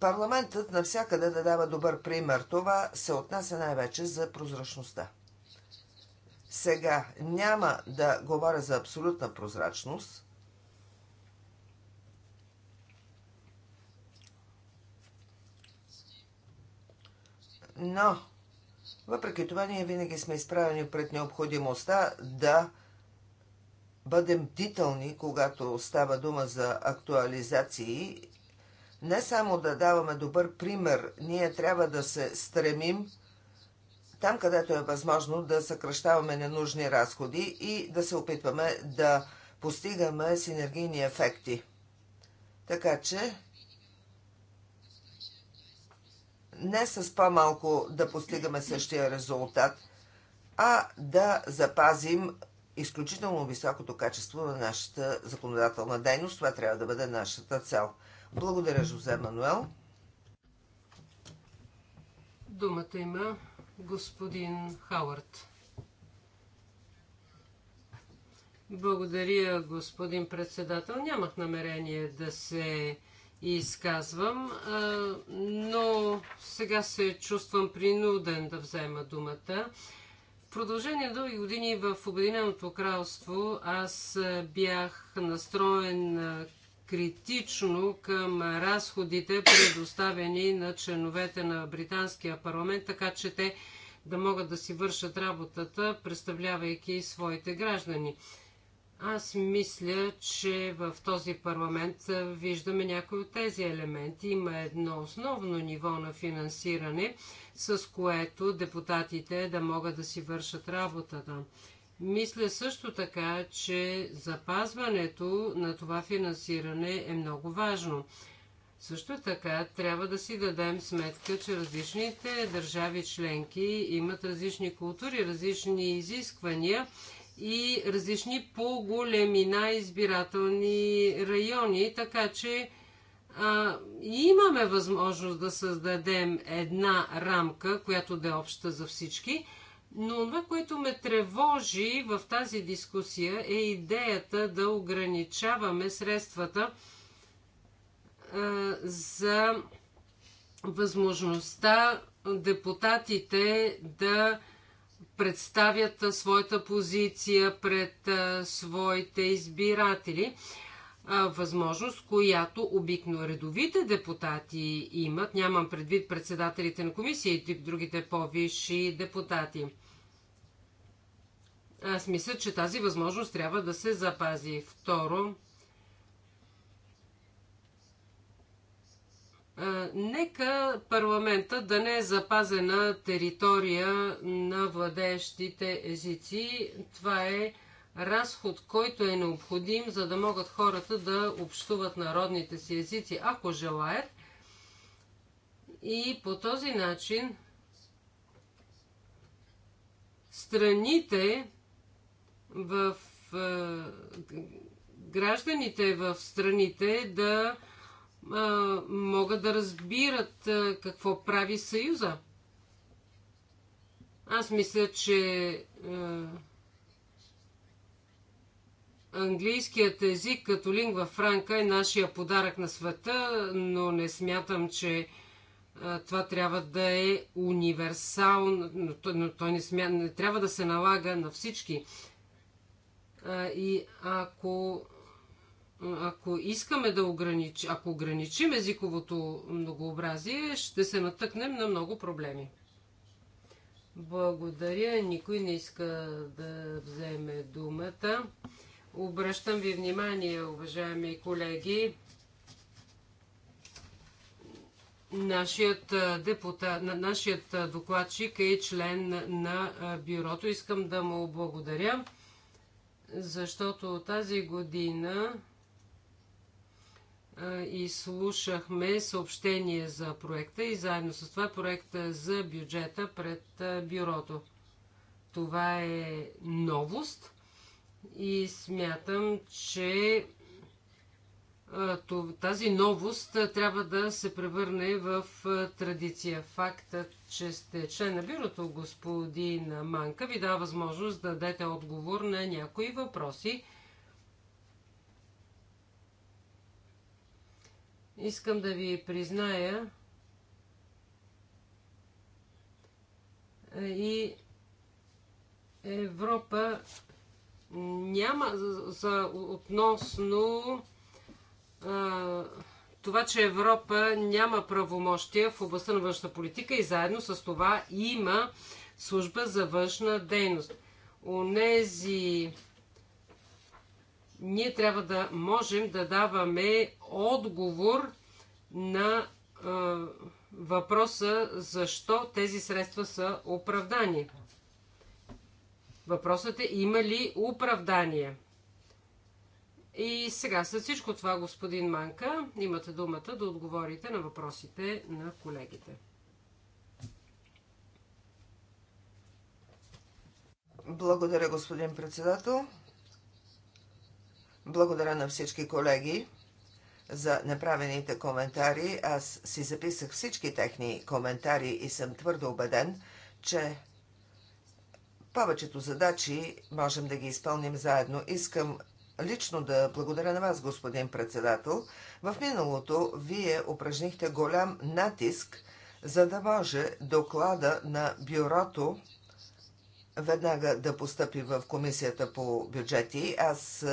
парламентът навсякъде да дава добър пример. Това се отнася най-вече за прозрачността. Сега няма да говоря за абсолютна прозрачност. Но въпреки това, ние винаги сме изправени пред необходимостта да бъдем бдителни, когато става дума за актуализации. Не само да даваме добър пример, ние трябва да се стремим там, където е възможно да съкръщаваме ненужни разходи и да се опитваме да постигаме синергийни ефекти. Така че не с по-малко да постигаме същия резултат, а да запазим изключително високото качество на нашата законодателна дейност. Това трябва да бъде нашата цел. Благодаря, Жозе Мануел. Думата има господин Хауърд. Благодаря, господин председател. Нямах намерение да се изказвам, но сега се чувствам принуден да взема думата. В продължение на дълги години в Обединеното кралство аз бях настроен критично към разходите, предоставени на членовете на британския парламент, така че те да могат да си вършат работата, представлявайки своите граждани. Аз мисля, че в този парламент виждаме някои от тези елементи. Има едно основно ниво на финансиране, с което депутатите да могат да си вършат работата. Мисля също така, че запазването на това финансиране е много важно. Също така трябва да си дадем сметка, че различните държави членки имат различни култури, различни изисквания и различни по големина избирателни райони, така че а, имаме възможност да създадем една рамка, която да е обща за всички, но това, което ме тревожи в тази дискусия е идеята да ограничаваме средствата а, за възможността депутатите да представят своята позиция пред своите избиратели. Възможност, която обикно редовите депутати имат, нямам предвид председателите на комисиите и другите по-висши депутати. Аз мисля, че тази възможност трябва да се запази. Второ, Нека парламента да не е запазена територия на владеещите езици. Това е разход, който е необходим, за да могат хората да общуват народните си езици, ако желаят. И по този начин страните в гражданите в страните да могат да разбират какво прави Съюза. Аз мисля, че английският език като лингва франка е нашия подарък на света, но не смятам, че това трябва да е универсално, но той, но той не, смя... не трябва да се налага на всички. И ако ако искаме да ограничим, ако ограничим езиковото многообразие, ще се натъкнем на много проблеми. Благодаря. Никой не иска да вземе думата. Обръщам ви внимание, уважаеми колеги, Нашият, депутат, нашият докладчик е член на бюрото. Искам да му благодаря, защото тази година и слушахме съобщение за проекта и заедно с това проекта за бюджета пред бюрото. Това е новост и смятам, че тази новост трябва да се превърне в традиция. Фактът, че сте член на бюрото, господин Манка, ви дава възможност да дадете отговор на някои въпроси – Искам да ви призная и Европа няма за, относно това, че Европа няма правомощия в областта на външна политика и заедно с това има служба за външна дейност. Онези ние трябва да можем да даваме отговор на а, въпроса защо тези средства са оправдани. Въпросът е има ли оправдание? И сега, след всичко това, господин Манка, имате думата да отговорите на въпросите на колегите. Благодаря, господин председател. Благодаря на всички колеги за направените коментари. Аз си записах всички техни коментари и съм твърдо убеден, че повечето задачи можем да ги изпълним заедно. Искам лично да благодаря на вас, господин председател. В миналото вие упражнихте голям натиск, за да може доклада на бюрото веднага да постъпи в комисията по бюджети. Аз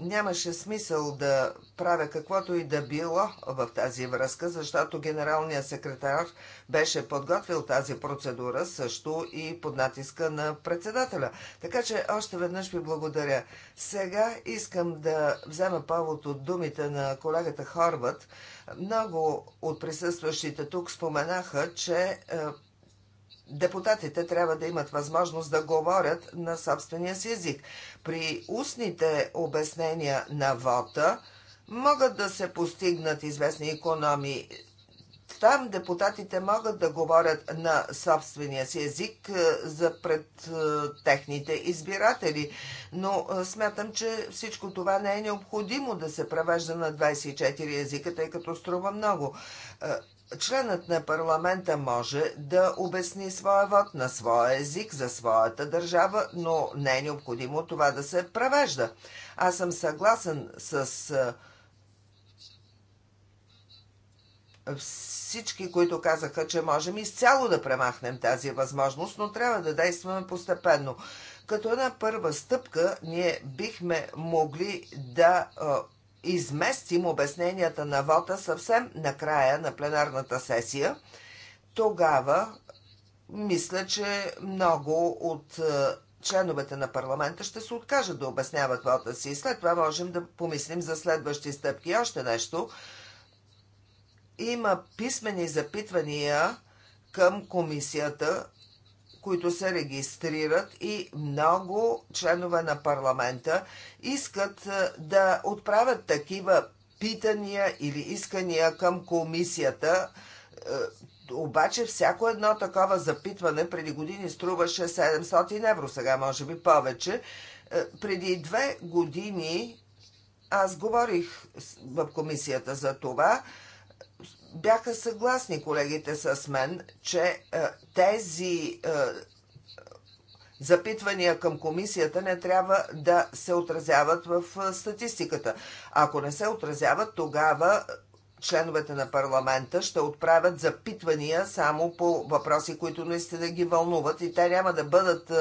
нямаше смисъл да правя каквото и да било в тази връзка, защото генералният секретар беше подготвил тази процедура също и под натиска на председателя. Така че още веднъж ви благодаря. Сега искам да взема повод от думите на колегата Хорват. Много от присъстващите тук споменаха, че е, депутатите трябва да имат възможност да говорят на собствения си език. При устните обяснения на вота могат да се постигнат известни економии. Там депутатите могат да говорят на собствения си език е, за пред е, техните избиратели, но е, смятам, че всичко това не е необходимо да се превежда на 24 езика, тъй като струва много членът на парламента може да обясни своя вод на своя език за своята държава, но не е необходимо това да се превежда. Аз съм съгласен с всички, които казаха, че можем изцяло да премахнем тази възможност, но трябва да действаме постепенно. Като една първа стъпка, ние бихме могли да изместим обясненията на вота съвсем накрая на пленарната сесия, тогава мисля, че много от е, членовете на парламента ще се откажат да обясняват вота си. След това можем да помислим за следващи стъпки. Още нещо. Има писмени запитвания към комисията които се регистрират и много членове на парламента искат е, да отправят такива питания или искания към комисията. Е, обаче всяко едно такова запитване преди години струваше 700 евро, сега може би повече. Е, преди две години аз говорих в комисията за това бяха съгласни колегите с мен, че е, тези е, запитвания към комисията не трябва да се отразяват в е, статистиката. Ако не се отразяват, тогава членовете на парламента ще отправят запитвания само по въпроси, които наистина ги вълнуват и те няма да бъдат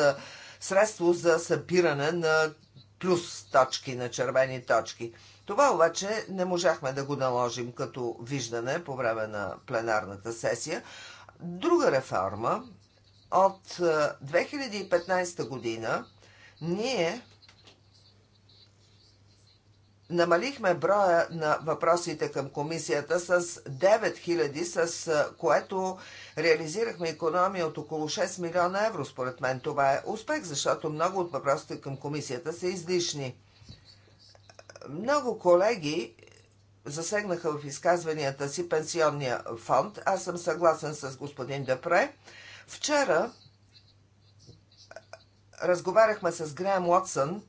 средство за събиране на плюс точки, на червени точки. Това обаче не можахме да го наложим като виждане по време на пленарната сесия. Друга реформа от 2015 е, година ние намалихме броя на въпросите към комисията с 9000, с е, което реализирахме економия от около 6 милиона евро. Според мен това е успех, защото много от въпросите към комисията са излишни. Много колеги засегнаха в изказванията си пенсионния фонд. Аз съм съгласен с господин Депре. Вчера разговаряхме с Греем Уотсън,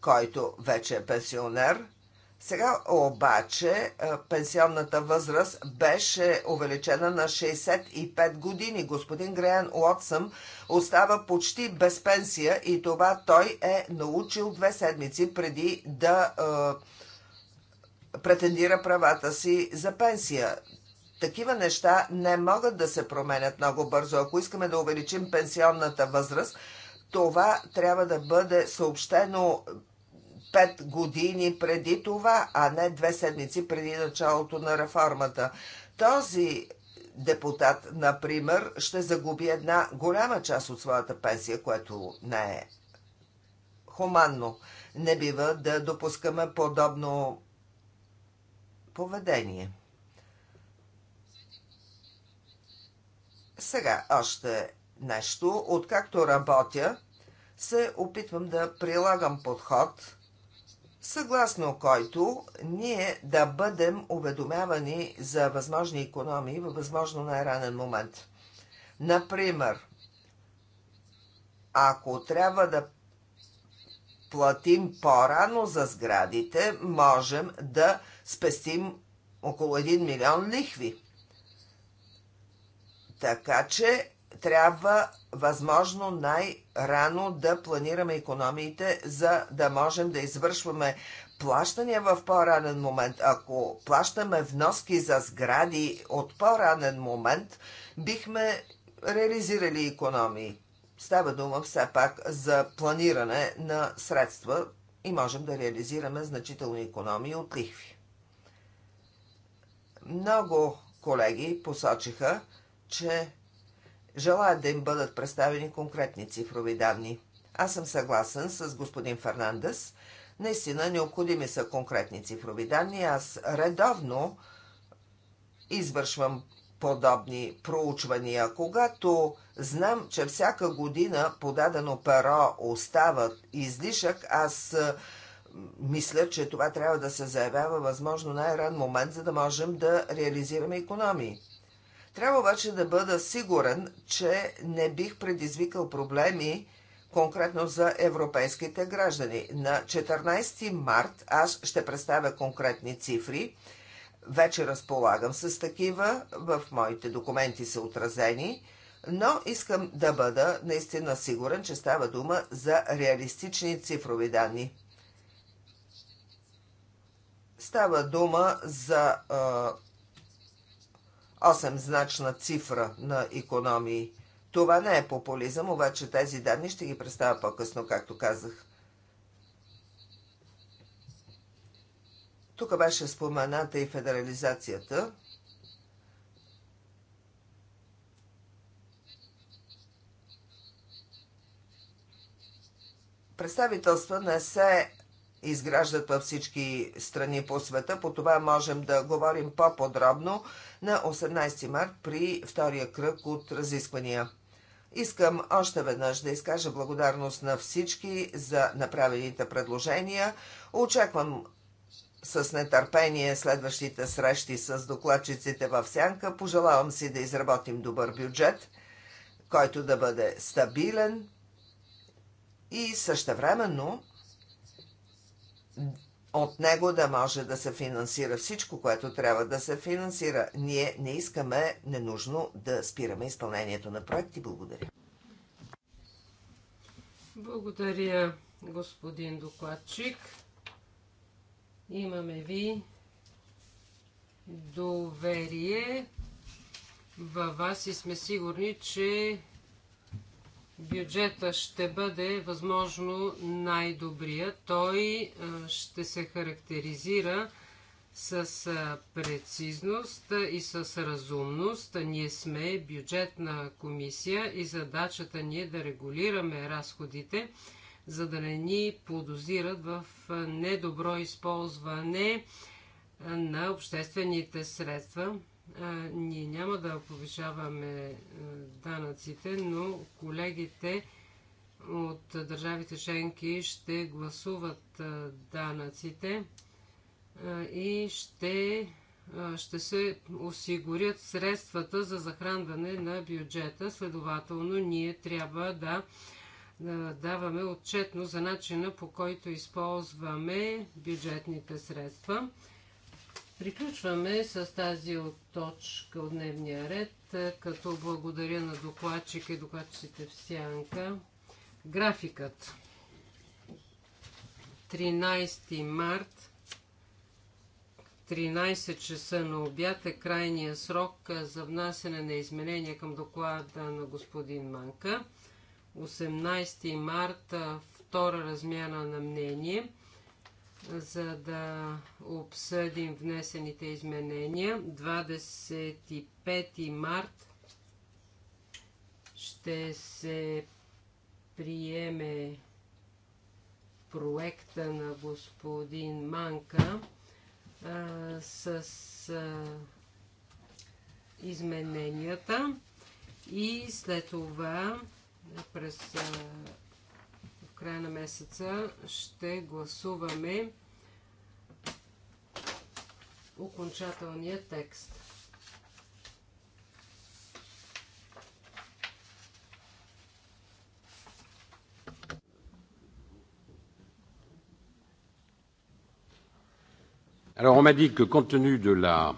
който вече е пенсионер – сега обаче пенсионната възраст беше увеличена на 65 години. Господин Греан Уотсъм остава почти без пенсия и това той е научил две седмици преди да е, претендира правата си за пенсия. Такива неща не могат да се променят много бързо. Ако искаме да увеличим пенсионната възраст, това трябва да бъде съобщено пет години преди това, а не две седмици преди началото на реформата. Този депутат, например, ще загуби една голяма част от своята пенсия, което не е хуманно. Не бива да допускаме подобно поведение. Сега още нещо. Откакто работя, се опитвам да прилагам подход – съгласно който ние да бъдем уведомявани за възможни економии във възможно най-ранен момент. Например, ако трябва да платим по-рано за сградите, можем да спестим около 1 милион лихви. Така че трябва възможно най-рано да планираме економиите, за да можем да извършваме плащания в по-ранен момент. Ако плащаме вноски за сгради от по-ранен момент, бихме реализирали економии. Става дума все пак за планиране на средства и можем да реализираме значителни економии от лихви. Много колеги посочиха, че желаят да им бъдат представени конкретни цифрови данни. Аз съм съгласен с господин Фернандес. Наистина необходими са конкретни цифрови данни. Аз редовно извършвам подобни проучвания. Когато знам, че всяка година подадено перо остава излишък, аз мисля, че това трябва да се заявява възможно най-ран момент, за да можем да реализираме економии. Трябва обаче да бъда сигурен, че не бих предизвикал проблеми конкретно за европейските граждани. На 14 март аз ще представя конкретни цифри. Вече разполагам с такива, в моите документи са отразени, но искам да бъда наистина сигурен, че става дума за реалистични цифрови данни. Става дума за 8-значна цифра на економии. Това не е популизъм, обаче тези данни ще ги представя по-късно, както казах. Тук беше спомената и федерализацията. Представителства не се изграждат във всички страни по света. По това можем да говорим по-подробно на 18 март при втория кръг от разисквания. Искам още веднъж да изкажа благодарност на всички за направените предложения. Очаквам с нетърпение следващите срещи с докладчиците в Сянка. Пожелавам си да изработим добър бюджет, който да бъде стабилен и същевременно от него да може да се финансира всичко, което трябва да се финансира. Ние не искаме ненужно да спираме изпълнението на проекти. Благодаря. Благодаря, господин докладчик. Имаме ви доверие във вас и сме сигурни, че бюджета ще бъде възможно най-добрия. Той е, ще се характеризира с е, прецизност и с разумност. Ние сме бюджетна комисия и задачата ни е да регулираме разходите, за да не ни подозират в е, недобро използване на обществените средства ние няма да повишаваме данъците, но колегите от държавите членки ще гласуват данъците и ще, ще се осигурят средствата за захранване на бюджета. Следователно, ние трябва да даваме отчетно за начина по който използваме бюджетните средства. Приключваме с тази точка от дневния ред, като благодаря на докладчика и докладчиците в сянка. Графикът. 13 март 13 часа на обяд е крайния срок за внасяне на изменения към доклада на господин Манка. 18 март втора размяна на мнение – за да обсъдим внесените изменения. 25 март ще се приеме проекта на господин Манка а, с а, измененията и след това през а, края на месеца ще гласуваме окончателния текст. Alors on m'a dit que compte tenu de la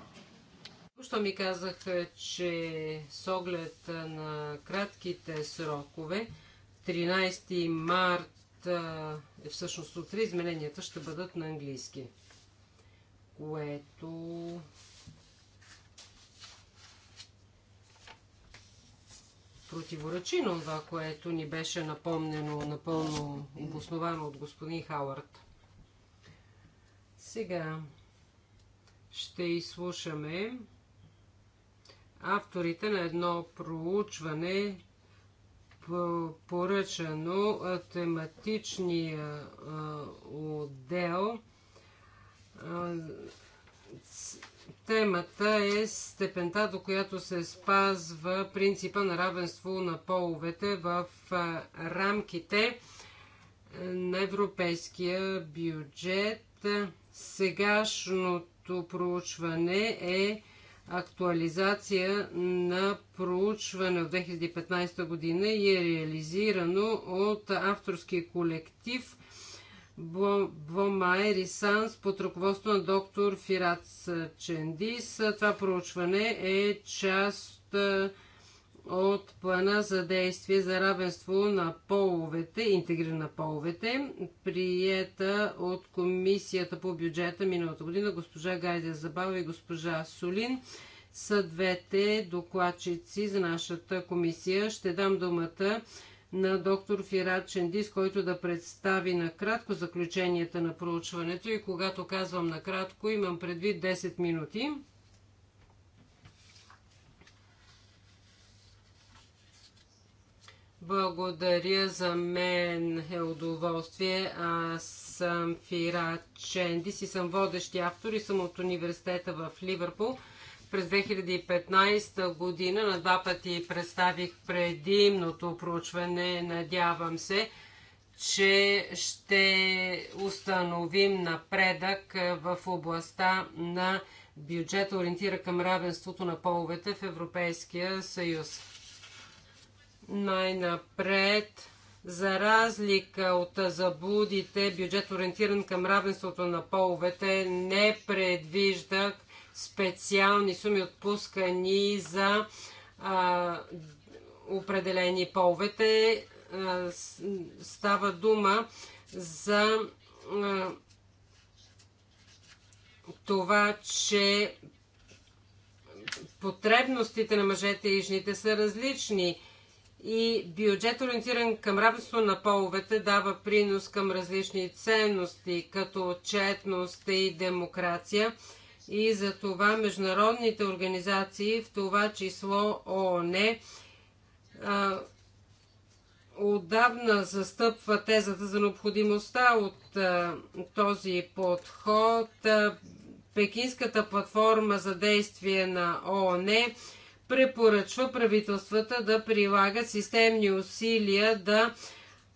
що ми казаха, че с оглед на кратките срокове, 13 март е всъщност утре. Измененията ще бъдат на английски. Което противоречи на това, което ни беше напомнено напълно обосновано от господин Хауърд. Сега ще изслушаме авторите на едно проучване, е, поръчано е, тематичния е, отдел. Темата е степента, до която се спазва принципа на равенство на половете в рамките на европейския бюджет. Сегашното проучване е актуализация на проучване от 2015 година и е реализирано от авторски колектив Бломай Рисанс под ръководство на доктор Фирац Чендис. Това проучване е част от плана за действие за равенство на половете, интегрирана на половете, приета от Комисията по бюджета миналата година. Госпожа Гайдя Забава и госпожа Сулин са двете докладчици за нашата комисия. Ще дам думата на доктор Фират Чендис, който да представи накратко заключенията на проучването и когато казвам накратко, имам предвид 10 минути. Благодаря за мен е удоволствие. Аз съм Фира Чендис и съм водещи автор и съм от университета в Ливърпул. През 2015 година на два пъти представих предимното проучване. Надявам се, че ще установим напредък в областта на бюджета ориентира към равенството на половете в Европейския съюз. Най-напред, за разлика от заблудите, бюджет ориентиран към равенството на половете не предвижда специални суми отпускани за а, определени половете. А, става дума за а, това, че потребностите на мъжете и жените са различни и бюджет ориентиран към равенство на половете дава принос към различни ценности, като отчетност и демокрация. И за това международните организации, в това число ООН, отдавна застъпва тезата за необходимостта от този подход. Пекинската платформа за действие на ООН препоръчва правителствата да прилагат системни усилия да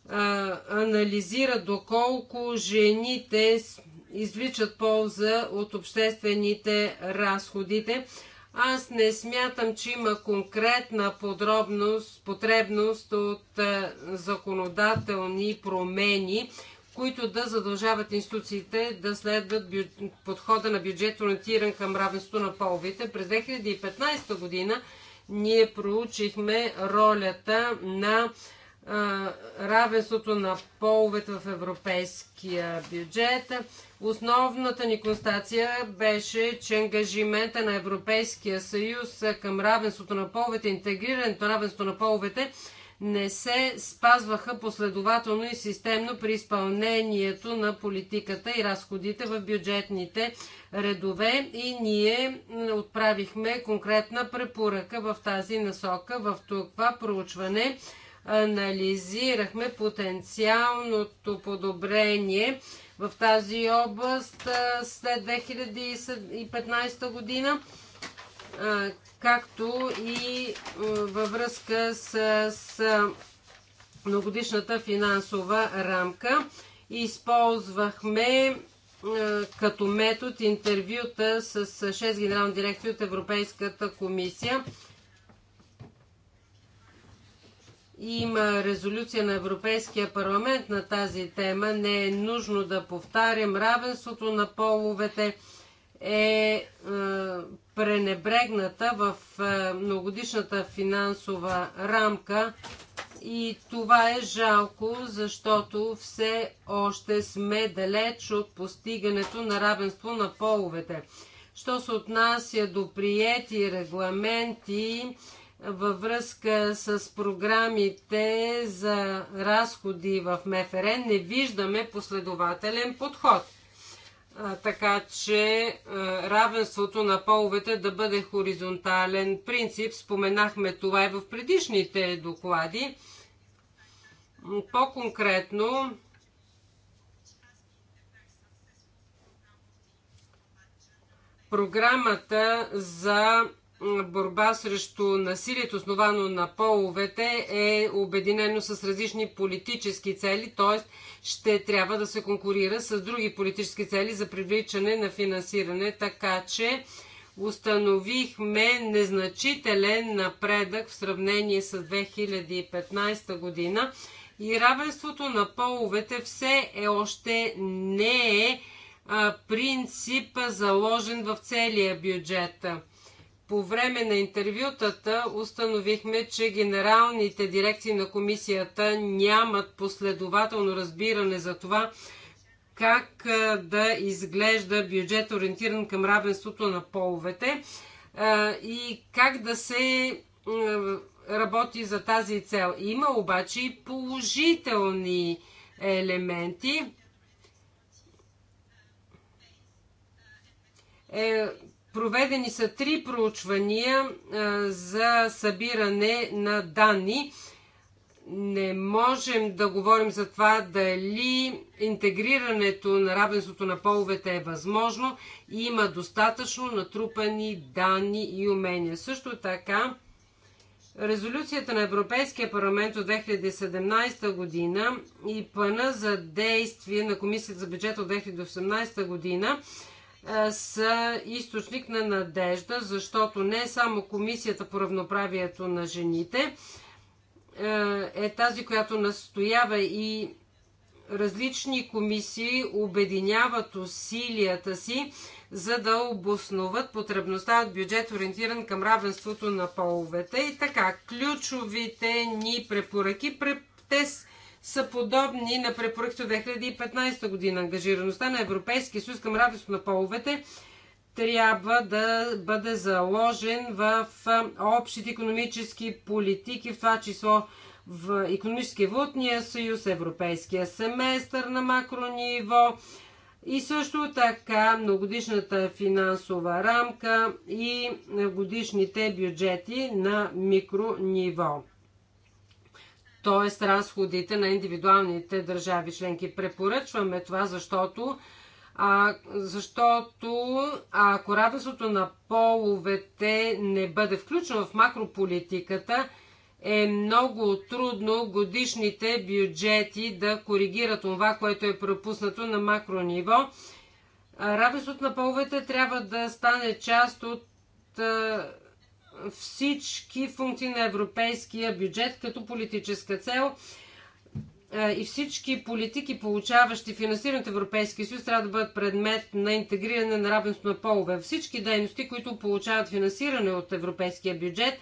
а, анализират доколко жените извличат полза от обществените разходите. Аз не смятам, че има конкретна подробност, потребност от законодателни промени които да задължават институциите да следват подхода на бюджет, ориентиран към равенство на половите. През 2015 година ние проучихме ролята на равенството на половете в европейския бюджет. Основната ни констация беше, че ангажимента на Европейския съюз към равенството на половете, интегрирането на равенството на половете – не се спазваха последователно и системно при изпълнението на политиката и разходите в бюджетните редове и ние отправихме конкретна препоръка в тази насока. В това проучване анализирахме потенциалното подобрение в тази област след 2015 година както и е, във връзка с, с многодишната финансова рамка. Използвахме е, като метод интервюта с 6 генерални директори от Европейската комисия. Има резолюция на Европейския парламент на тази тема. Не е нужно да повтарям равенството на половете е, е пренебрегната в е, многодишната финансова рамка и това е жалко, защото все още сме далеч от постигането на равенство на половете. Що се отнася до приети регламенти във връзка с програмите за разходи в МФР, не виждаме последователен подход – така че равенството на половете да бъде хоризонтален принцип. Споменахме това и в предишните доклади. По-конкретно, програмата за борба срещу насилието, основано на половете, е обединено с различни политически цели, т.е. ще трябва да се конкурира с други политически цели за привличане на финансиране, така че установихме незначителен напредък в сравнение с 2015 година и равенството на половете все е още не е принцип заложен в целия бюджет. По време на интервютата установихме, че генералните дирекции на комисията нямат последователно разбиране за това как да изглежда бюджет ориентиран към равенството на половете и как да се работи за тази цел. Има обаче и положителни елементи. Е, Проведени са три проучвания за събиране на данни. Не можем да говорим за това дали интегрирането на равенството на половете е възможно и има достатъчно натрупани данни и умения. Също така, резолюцията на Европейския парламент от 2017 година и плана за действие на Комисията за бюджет от 2018 година са източник на надежда, защото не само Комисията по равноправието на жените е тази, която настоява и различни комисии обединяват усилията си, за да обосноват потребността от бюджет ориентиран към равенството на половете. И така, ключовите ни препоръки, те са подобни на препоръките от 2015 година. Ангажираността на Европейския съюз към равенство на половете трябва да бъде заложен в общите економически политики, в това число в економически валутния съюз, европейския семестър на макрониво и също така многодишната финансова рамка и годишните бюджети на микрониво т.е. разходите на индивидуалните държави членки. Препоръчваме това, защото а, защото ако равенството на половете не бъде включено в макрополитиката, е много трудно годишните бюджети да коригират това, което е пропуснато на макрониво. Равенството на половете трябва да стане част от всички функции на европейския бюджет като политическа цел е, и всички политики, получаващи финансиране от Европейския съюз, трябва да бъдат предмет на интегриране на равенство на полове. Всички дейности, които получават финансиране от Европейския бюджет,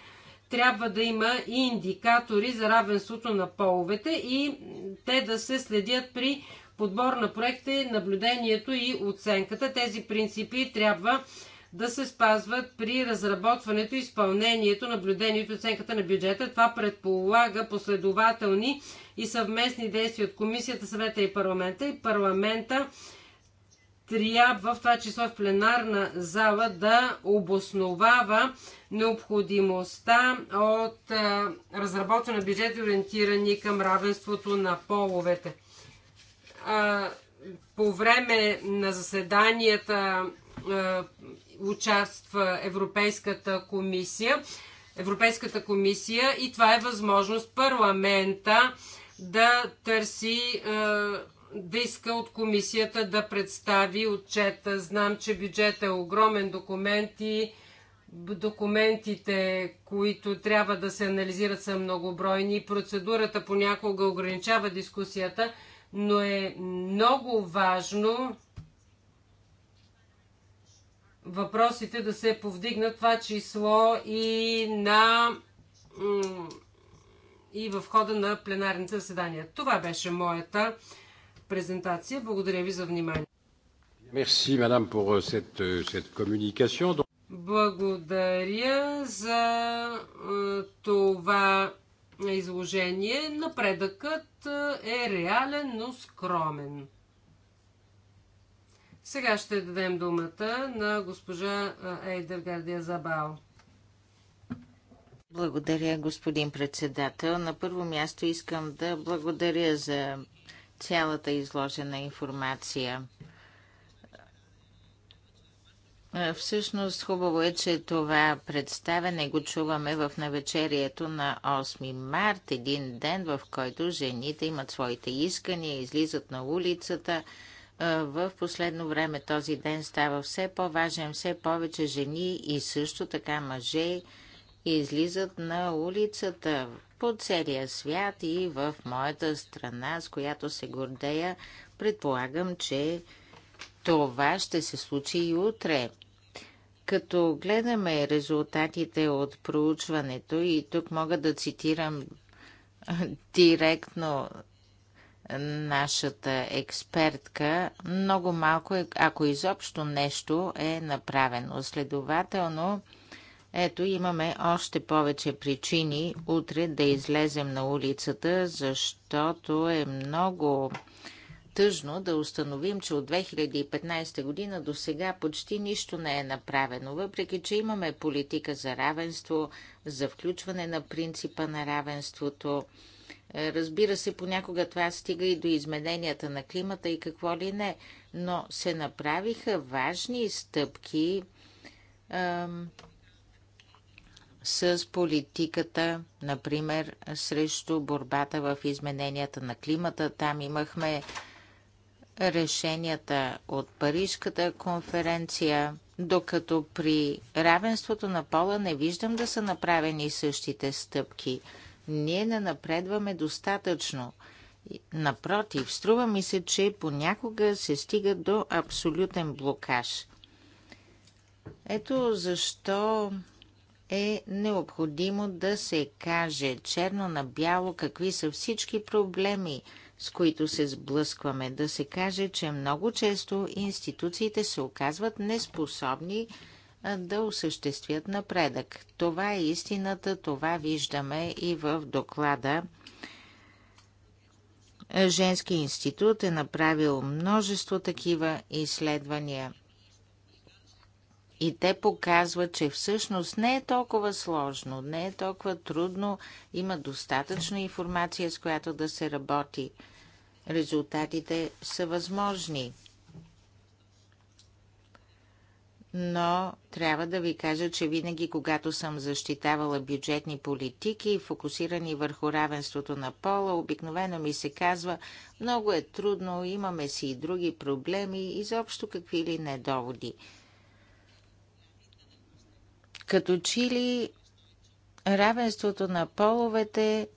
трябва да има и индикатори за равенството на половете и те да се следят при подбор на проекти, наблюдението и оценката. Тези принципи трябва да се спазват при разработването, изпълнението, наблюдението и оценката на бюджета. Това предполага последователни и съвместни действия от Комисията, съвета и парламента. И парламента трябва в това число в пленарна зала да обосновава необходимостта от а, разработване на бюджети, ориентирани към равенството на половете. А, по време на заседанията а, участва Европейската комисия. Европейската комисия и това е възможност парламента да търси, е, да иска от комисията да представи отчета. Знам, че бюджет е огромен документ и документите, които трябва да се анализират, са многобройни. Процедурата понякога ограничава дискусията, но е много важно въпросите да се повдигнат това число и на и в хода на пленарните заседания. Това беше моята презентация. Благодаря ви за внимание. Merci, madame, pour euh, cette, euh, cette communication. Благодаря за е, това изложение. Напредъкът е реален, но скромен. Сега ще дадем думата на госпожа Ейдер Гардия Забао. Благодаря, господин председател. На първо място искам да благодаря за цялата изложена информация. Всъщност хубаво е, че това представене го чуваме в навечерието на 8 март, един ден, в който жените имат своите искания, излизат на улицата – в последно време този ден става все по-важен, все повече жени и също така мъже излизат на улицата по целия свят и в моята страна, с която се гордея. Предполагам, че това ще се случи и утре. Като гледаме резултатите от проучването и тук мога да цитирам директно нашата експертка, много малко, е, ако изобщо нещо е направено. Следователно, ето имаме още повече причини утре да излезем на улицата, защото е много тъжно да установим, че от 2015 година до сега почти нищо не е направено, въпреки че имаме политика за равенство, за включване на принципа на равенството. Е, разбира се, понякога това стига и до измененията на климата и какво ли не, но се направиха важни стъпки ам, с политиката, например, срещу борбата в измененията на климата. Там имахме решенията от Парижката конференция, докато при равенството на пола не виждам да са направени същите стъпки ние не напредваме достатъчно. Напротив, струва ми се, че понякога се стига до абсолютен блокаж. Ето защо е необходимо да се каже черно на бяло какви са всички проблеми, с които се сблъскваме. Да се каже, че много често институциите се оказват неспособни да осъществят напредък. Това е истината, това виждаме и в доклада. Женски институт е направил множество такива изследвания. И те показват, че всъщност не е толкова сложно, не е толкова трудно, има достатъчно информация, с която да се работи. Резултатите са възможни. но трябва да ви кажа, че винаги, когато съм защитавала бюджетни политики, фокусирани върху равенството на пола, обикновено ми се казва, много е трудно, имаме си и други проблеми, изобщо какви ли не доводи. Като чили равенството на половете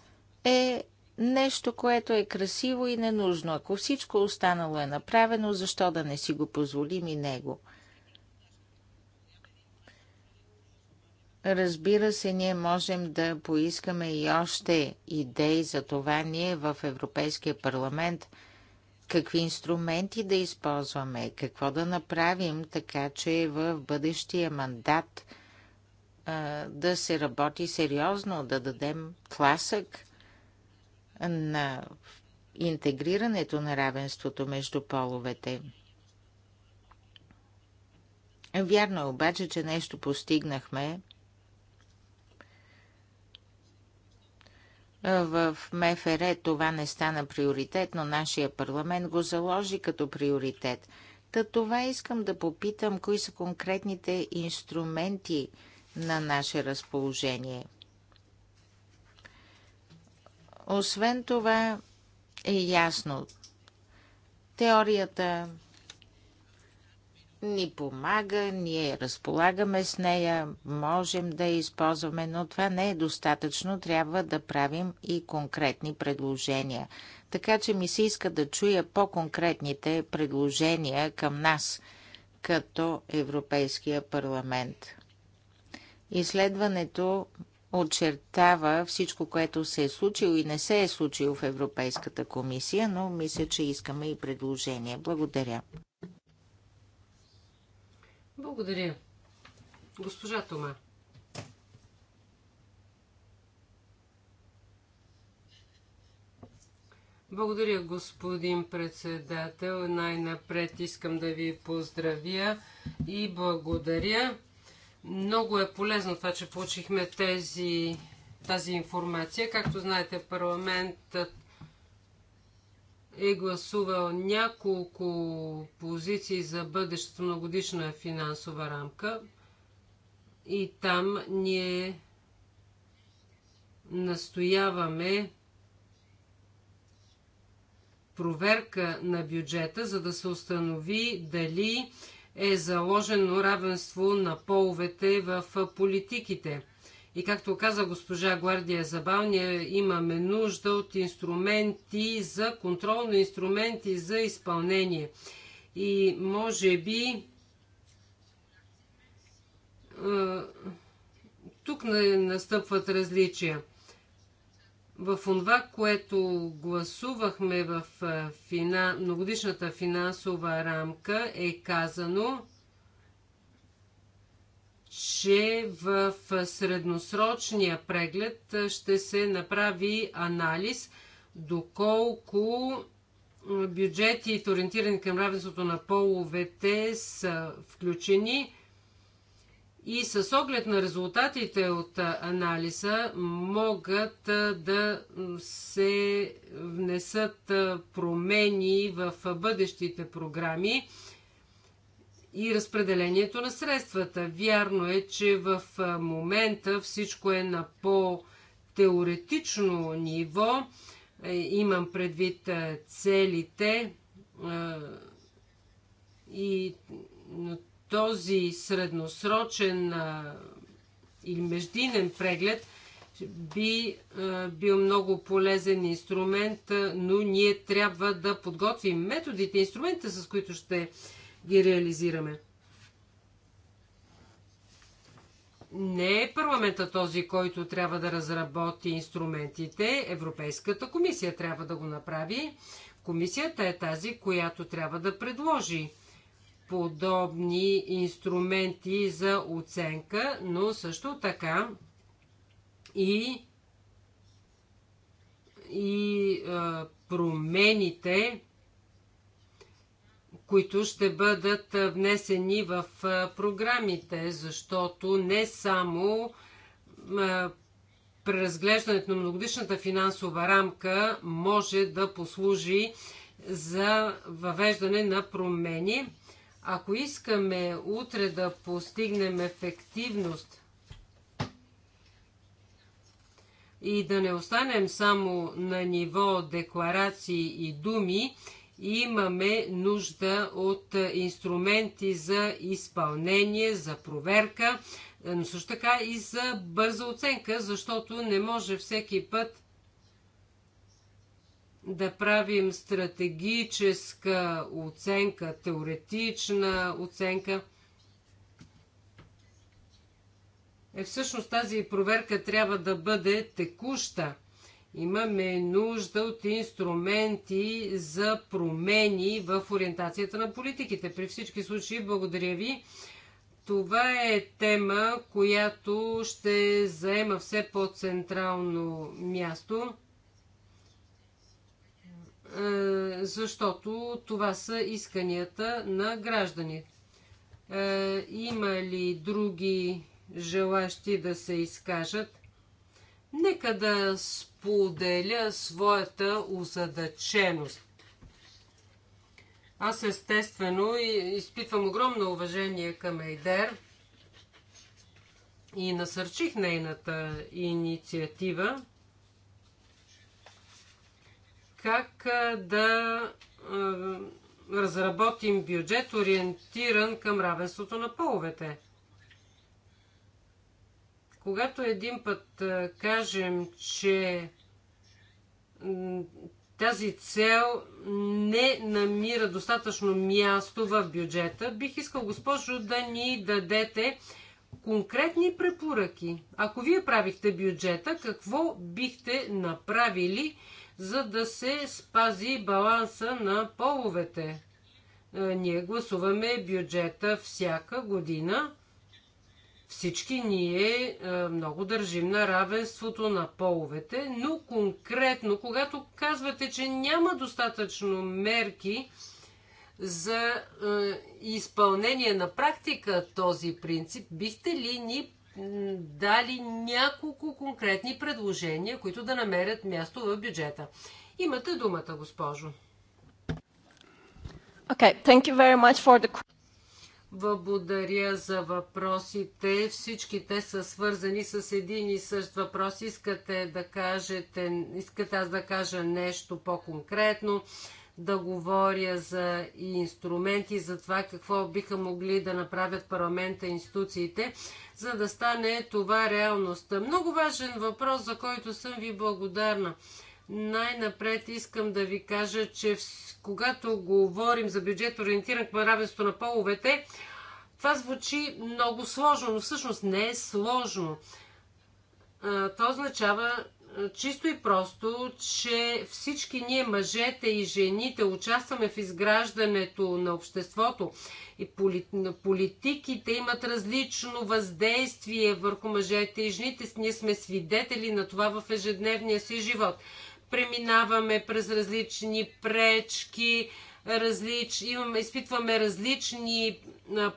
е нещо, което е красиво и ненужно. Ако всичко останало е направено, защо да не си го позволим и него – Разбира се, ние можем да поискаме и още идеи за това ние в Европейския парламент какви инструменти да използваме, какво да направим, така че в бъдещия мандат а, да се работи сериозно, да дадем тласък на интегрирането на равенството между половете. Вярно е обаче, че нещо постигнахме В МФР това не стана приоритет, но нашия парламент го заложи като приоритет. Та това искам да попитам, кои са конкретните инструменти на наше разположение. Освен това е ясно. Теорията, ни помага, ние разполагаме с нея, можем да я използваме, но това не е достатъчно. Трябва да правим и конкретни предложения. Така че ми се иска да чуя по-конкретните предложения към нас, като Европейския парламент. Изследването очертава всичко, което се е случило и не се е случило в Европейската комисия, но мисля, че искаме и предложения. Благодаря. Благодаря. Госпожа Тома. Благодаря, господин председател. Най-напред искам да ви поздравя и благодаря. Много е полезно това, че получихме тези, тази информация. Както знаете, парламентът е гласувал няколко позиции за бъдещата многодишна финансова рамка и там ние настояваме проверка на бюджета, за да се установи дали е заложено равенство на половете в политиките – и както каза госпожа Гвардия Забал, ние имаме нужда от инструменти за контрол, но инструменти за изпълнение. И може би тук настъпват различия. В това, което гласувахме в фина... многодишната финансова рамка, е казано, че в средносрочния преглед ще се направи анализ доколко бюджетите, ориентирани към равенството на половете, са включени и с оглед на резултатите от анализа могат да се внесат промени в бъдещите програми и разпределението на средствата. Вярно е, че в момента всичко е на по-теоретично ниво. Е, имам предвид целите и този средносрочен или междинен преглед би бил много полезен инструмент, но ние трябва да подготвим методите, инструмента с които ще ги реализираме. Не е парламента този, който трябва да разработи инструментите. Европейската комисия трябва да го направи. Комисията е тази, която трябва да предложи подобни инструменти за оценка, но също така и, и а, промените които ще бъдат внесени в програмите, защото не само преразглеждането на многодишната финансова рамка може да послужи за въвеждане на промени. Ако искаме утре да постигнем ефективност и да не останем само на ниво декларации и думи, имаме нужда от инструменти за изпълнение, за проверка, но също така и за бърза оценка, защото не може всеки път да правим стратегическа оценка, теоретична оценка. Е, всъщност тази проверка трябва да бъде текуща – Имаме нужда от инструменти за промени в ориентацията на политиките. При всички случаи, благодаря ви. Това е тема, която ще заема все по-централно място, е, защото това са исканията на гражданите. Е, има ли други желащи да се изкажат? Нека да спомням споделя своята озадаченост. Аз естествено изпитвам огромно уважение към Ейдер и насърчих нейната инициатива как да разработим бюджет, ориентиран към равенството на половете. Когато един път кажем, че тази цел не намира достатъчно място в бюджета. Бих искал, госпожо, да ни дадете конкретни препоръки. Ако вие правихте бюджета, какво бихте направили, за да се спази баланса на половете? Е, ние гласуваме бюджета всяка година всички ние е, много държим на равенството на половете, но конкретно, когато казвате, че няма достатъчно мерки, за е, изпълнение на практика този принцип, бихте ли ни дали няколко конкретни предложения, които да намерят място в бюджета? Имате думата, госпожо. Okay, thank you very much for the... Благодаря за въпросите. Всички те са свързани с един и същ въпрос. Искате да кажете, искате аз да кажа нещо по-конкретно, да говоря за инструменти, за това какво биха могли да направят парламента, институциите, за да стане това реалността. Много важен въпрос, за който съм ви благодарна. Най-напред искам да ви кажа, че когато говорим за бюджет ориентиран към равенство на половете, това звучи много сложно, но всъщност не е сложно. Това означава чисто и просто, че всички ние, мъжете и жените, участваме в изграждането на обществото и политиките имат различно въздействие върху мъжете и жените. Ние сме свидетели на това в ежедневния си живот преминаваме през различни пречки, различ, имаме, изпитваме различни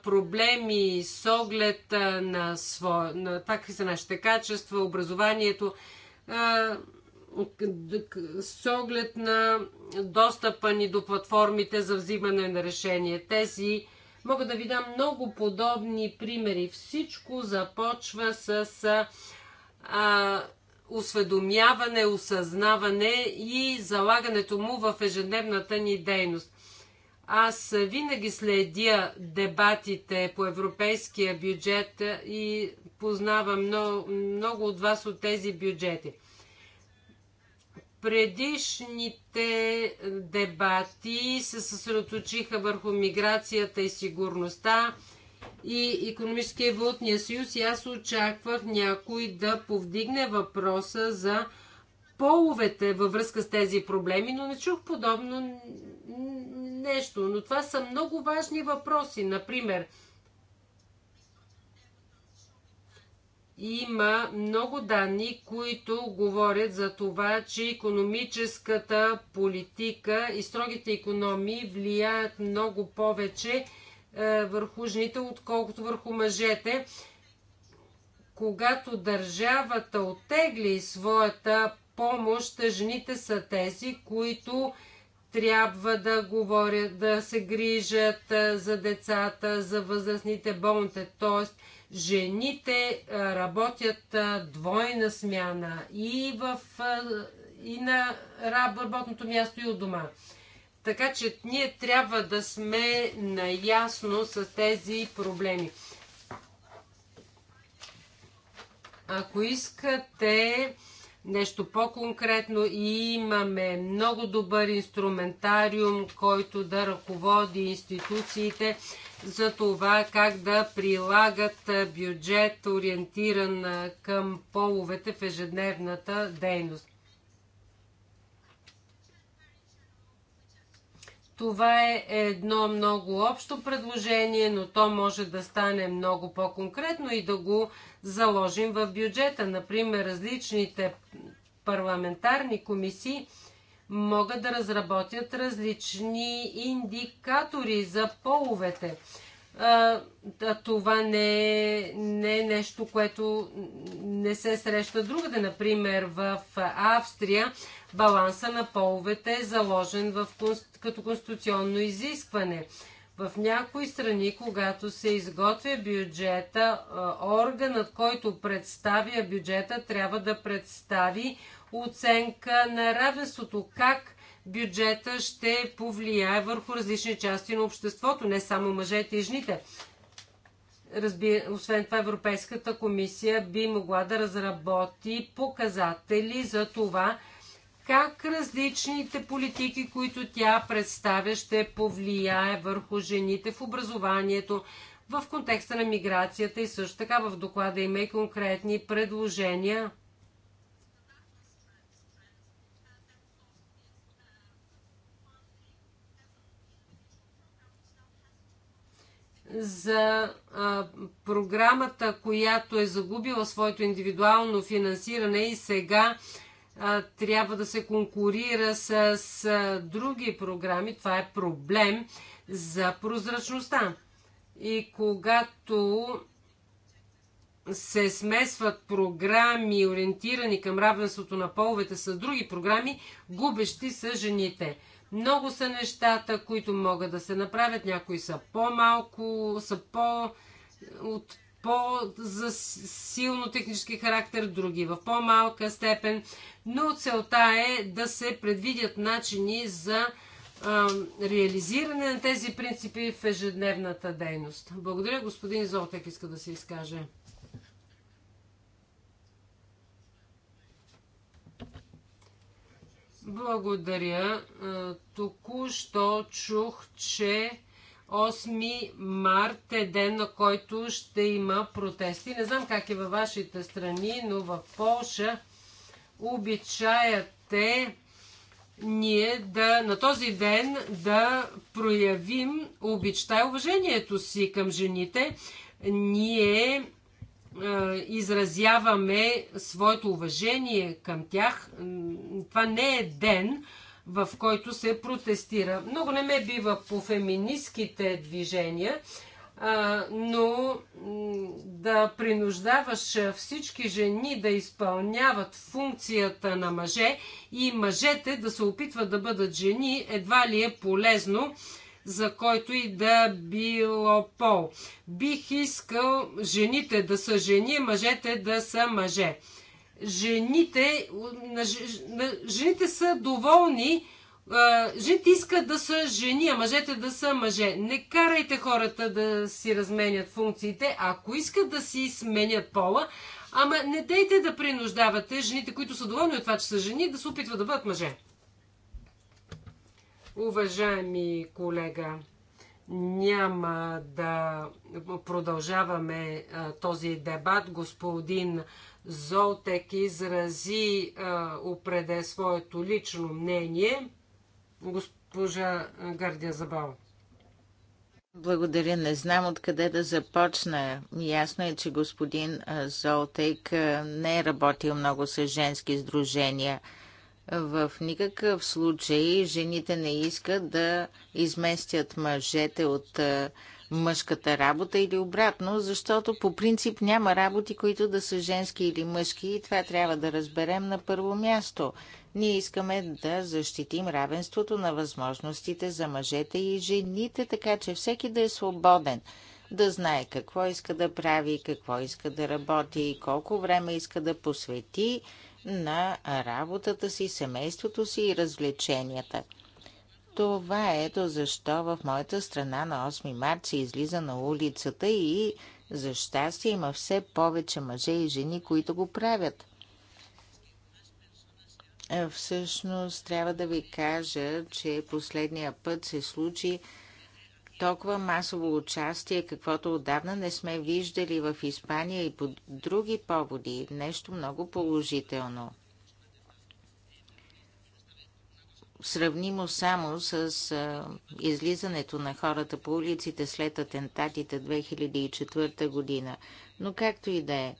проблеми с оглед на, сво, на това какви са нашите качества, образованието, с оглед на достъпа ни до платформите за взимане на решение. Тези мога да ви дам много подобни примери. Всичко започва с а, осведомяване, осъзнаване и залагането му в ежедневната ни дейност. Аз винаги следя дебатите по европейския бюджет и познавам много, много от вас от тези бюджети. Предишните дебати се съсредоточиха върху миграцията и сигурността, и економическия и валутния съюз и аз очаквах някой да повдигне въпроса за половете във връзка с тези проблеми, но не чух подобно нещо. Но това са много важни въпроси. Например, има много данни, които говорят за това, че економическата политика и строгите економии влияят много повече е, върху жените, отколкото върху мъжете. Когато държавата отегли своята помощ, жените са тези, които трябва да говорят, да се грижат е, за децата, за възрастните, болните. Т.е. жените е, работят двойна смяна и, в, и на работното място и от дома. Така че ние трябва да сме наясно с тези проблеми. Ако искате нещо по-конкретно и имаме много добър инструментариум, който да ръководи институциите за това как да прилагат бюджет ориентиран към половете в ежедневната дейност. Това е едно много общо предложение, но то може да стане много по-конкретно и да го заложим в бюджета. Например, различните парламентарни комисии могат да разработят различни индикатори за половете да, това не е, не е нещо, което не се среща другаде. Например, в Австрия баланса на половете е заложен в, като конституционно изискване. В някои страни, когато се изготвя бюджета, органът, който представя бюджета, трябва да представи оценка на равенството. Как бюджета ще повлияе върху различни части на обществото, не само мъжете и жените. Разби... Освен това, Европейската комисия би могла да разработи показатели за това, как различните политики, които тя представя, ще повлияе върху жените в образованието, в контекста на миграцията и също така в доклада има и конкретни предложения за а, програмата, която е загубила своето индивидуално финансиране и сега а, трябва да се конкурира с, с други програми. Това е проблем за прозрачността. И когато се смесват програми, ориентирани към равенството на половете с други програми, губещи са жените. Много са нещата, които могат да се направят. Някои са по-малко, са по- от по-засилно технически характер, други в по-малка степен, но целта е да се предвидят начини за а, реализиране на тези принципи в ежедневната дейност. Благодаря, господин Золтек иска да се изкаже. Благодаря. Е, току-що чух, че 8 март е ден, на който ще има протести. Не знам как е във вашите страни, но в Польша обичаят е ние да, на този ден да проявим обичта и уважението си към жените. Ние е, изразяваме своето уважение към тях. Това не е ден, в който се протестира. Много не ме бива по феминистските движения, е, но да принуждаваш всички жени да изпълняват функцията на мъже и мъжете да се опитват да бъдат жени едва ли е полезно за който и да било пол. Бих искал жените да са жени, мъжете да са мъже. Жените, жените са доволни, жените искат да са жени, а мъжете да са мъже. Не карайте хората да си разменят функциите, ако искат да си сменят пола, ама не дейте да принуждавате жените, които са доволни от това, че са жени, да се опитват да бъдат мъже. Уважаеми колега, няма да продължаваме този дебат. Господин Золтек изрази упреде своето лично мнение. Госпожа Гардия Забал. Благодаря. Не знам откъде да започна. Ясно е, че господин Золтейк не е работил много с женски сдружения – в никакъв случай жените не искат да изместят мъжете от мъжката работа или обратно, защото по принцип няма работи, които да са женски или мъжки и това трябва да разберем на първо място. Ние искаме да защитим равенството на възможностите за мъжете и жените, така че всеки да е свободен, да знае какво иска да прави, какво иска да работи и колко време иска да посвети на работата си, семейството си и развлеченията. Това е ето защо в моята страна на 8 март се излиза на улицата и за щастие има все повече мъже и жени, които го правят. Всъщност трябва да ви кажа, че последния път се случи толкова масово участие, каквото отдавна не сме виждали в Испания и по други поводи. Нещо много положително. Сравнимо само с излизането на хората по улиците след атентатите 2004 година. Но както и да е,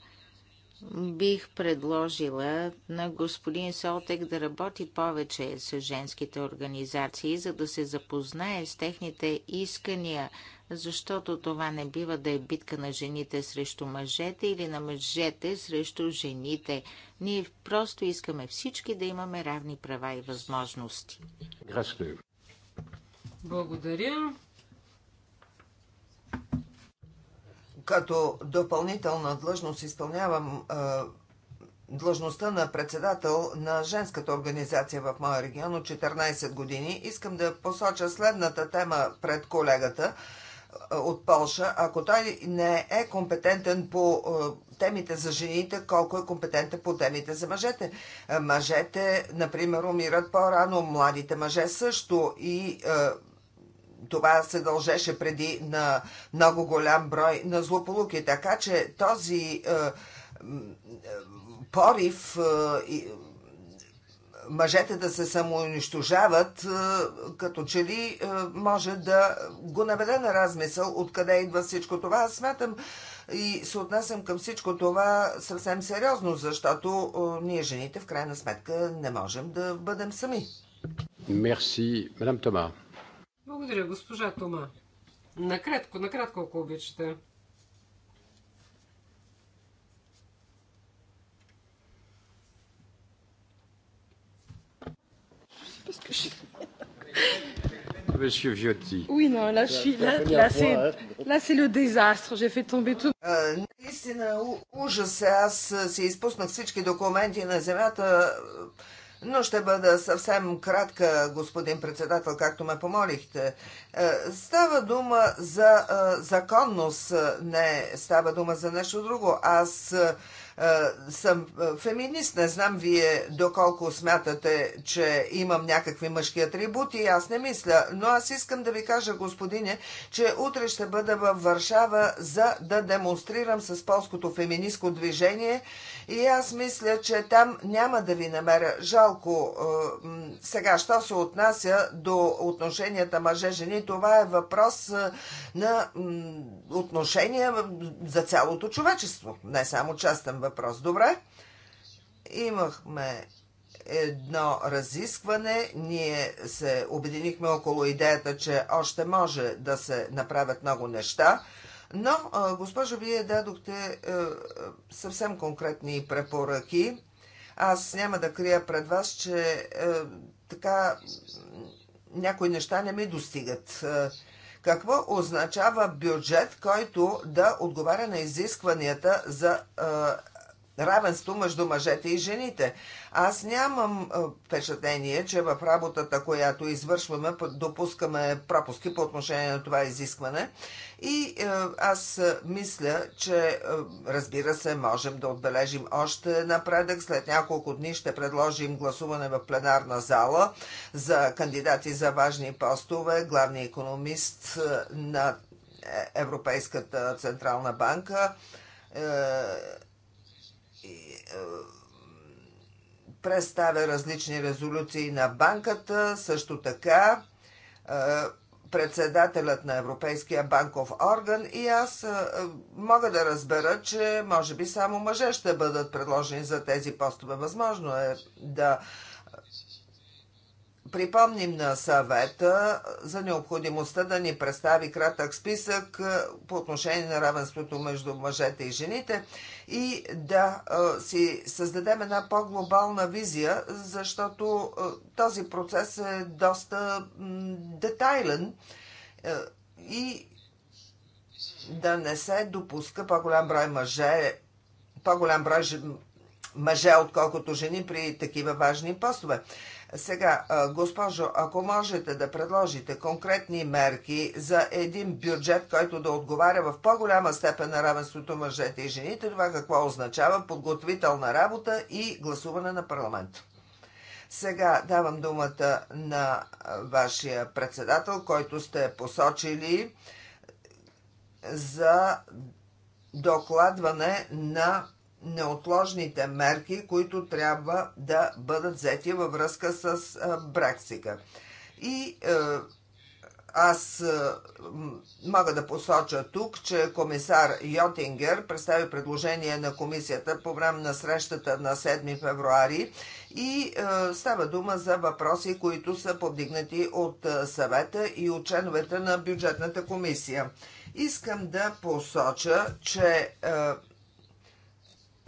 Бих предложила на господин Солтек да работи повече с женските организации, за да се запознае с техните искания, защото това не бива да е битка на жените срещу мъжете или на мъжете срещу жените. Ние просто искаме всички да имаме равни права и възможности. Благодаря. като допълнителна длъжност изпълнявам длъжността на председател на женската организация в моя регион от 14 години. Искам да посоча следната тема пред колегата от Полша. Ако той не е компетентен по темите за жените, колко е компетентен по темите за мъжете. Мъжете, например, умират по-рано, младите мъже също и това се дължеше преди на много голям брой на злополуки. Така че този е, е порив е, мъжете да се самоунищожават, е, като че ли е, може да го наведе на размисъл откъде идва всичко това. Аз смятам и се отнасям към всичко това съвсем сериозно, защото ние жените в крайна сметка не можем да бъдем сами. Мерси, мадам Тома. Благодаря, госпожа Тома. Накратко, накратко, ако обичате. Oui, non, là, je suis, là, là, c'est, là, c'est le désastre. J'ai fait tomber tout. Наистина ужас. Аз се изпуснах всички документи на земята но ще бъда съвсем кратка, господин председател, както ме помолихте. Е, става дума за е, законност, е, не става дума за нещо друго. Аз е, съм е, феминист, не знам вие доколко смятате, че имам някакви мъжки атрибути, аз не мисля. Но аз искам да ви кажа, господине, че утре ще бъда във Варшава, за да демонстрирам с полското феминистко движение и аз мисля, че там няма да ви намеря. Жалко, е, сега, що се отнася до отношенията мъже-жени, това е въпрос на отношения за цялото човечество, не само частен въпрос. Добре, имахме едно разискване. Ние се обединихме около идеята, че още може да се направят много неща. Но, госпожо, вие дадохте е, е, съвсем конкретни препоръки. Аз няма да крия пред вас, че е, така някои неща не ми достигат. Какво означава бюджет, който да отговаря на изискванията за е, равенство между мъжете и жените. Аз нямам е, впечатление, че в работата, която извършваме, допускаме пропуски по отношение на това изискване. И е, аз е, мисля, че разбира се, можем да отбележим още напредък. След няколко дни ще предложим гласуване в пленарна зала за кандидати за важни постове, главния економист на Европейската централна банка е, представя различни резолюции на банката, също така е, председателят на Европейския банков орган и аз е, мога да разбера, че може би само мъже ще бъдат предложени за тези постове. Възможно е да припомним на съвета за необходимостта да ни представи кратък списък по отношение на равенството между мъжете и жените и да си създадем една по-глобална визия, защото този процес е доста детайлен и да не се допуска по-голям брой мъже, по-голям брой мъже, отколкото жени при такива важни постове. Сега, госпожо, ако можете да предложите конкретни мерки за един бюджет, който да отговаря в по-голяма степен на равенството мъжете и жените, това какво означава подготвителна работа и гласуване на парламент. Сега давам думата на вашия председател, който сте посочили за докладване на неотложните мерки, които трябва да бъдат взети във връзка с Брексика. И аз мога да посоча тук, че комисар Йотингер представи предложение на комисията по време на срещата на 7 февруари и става дума за въпроси, които са повдигнати от съвета и от членовете на бюджетната комисия. Искам да посоча, че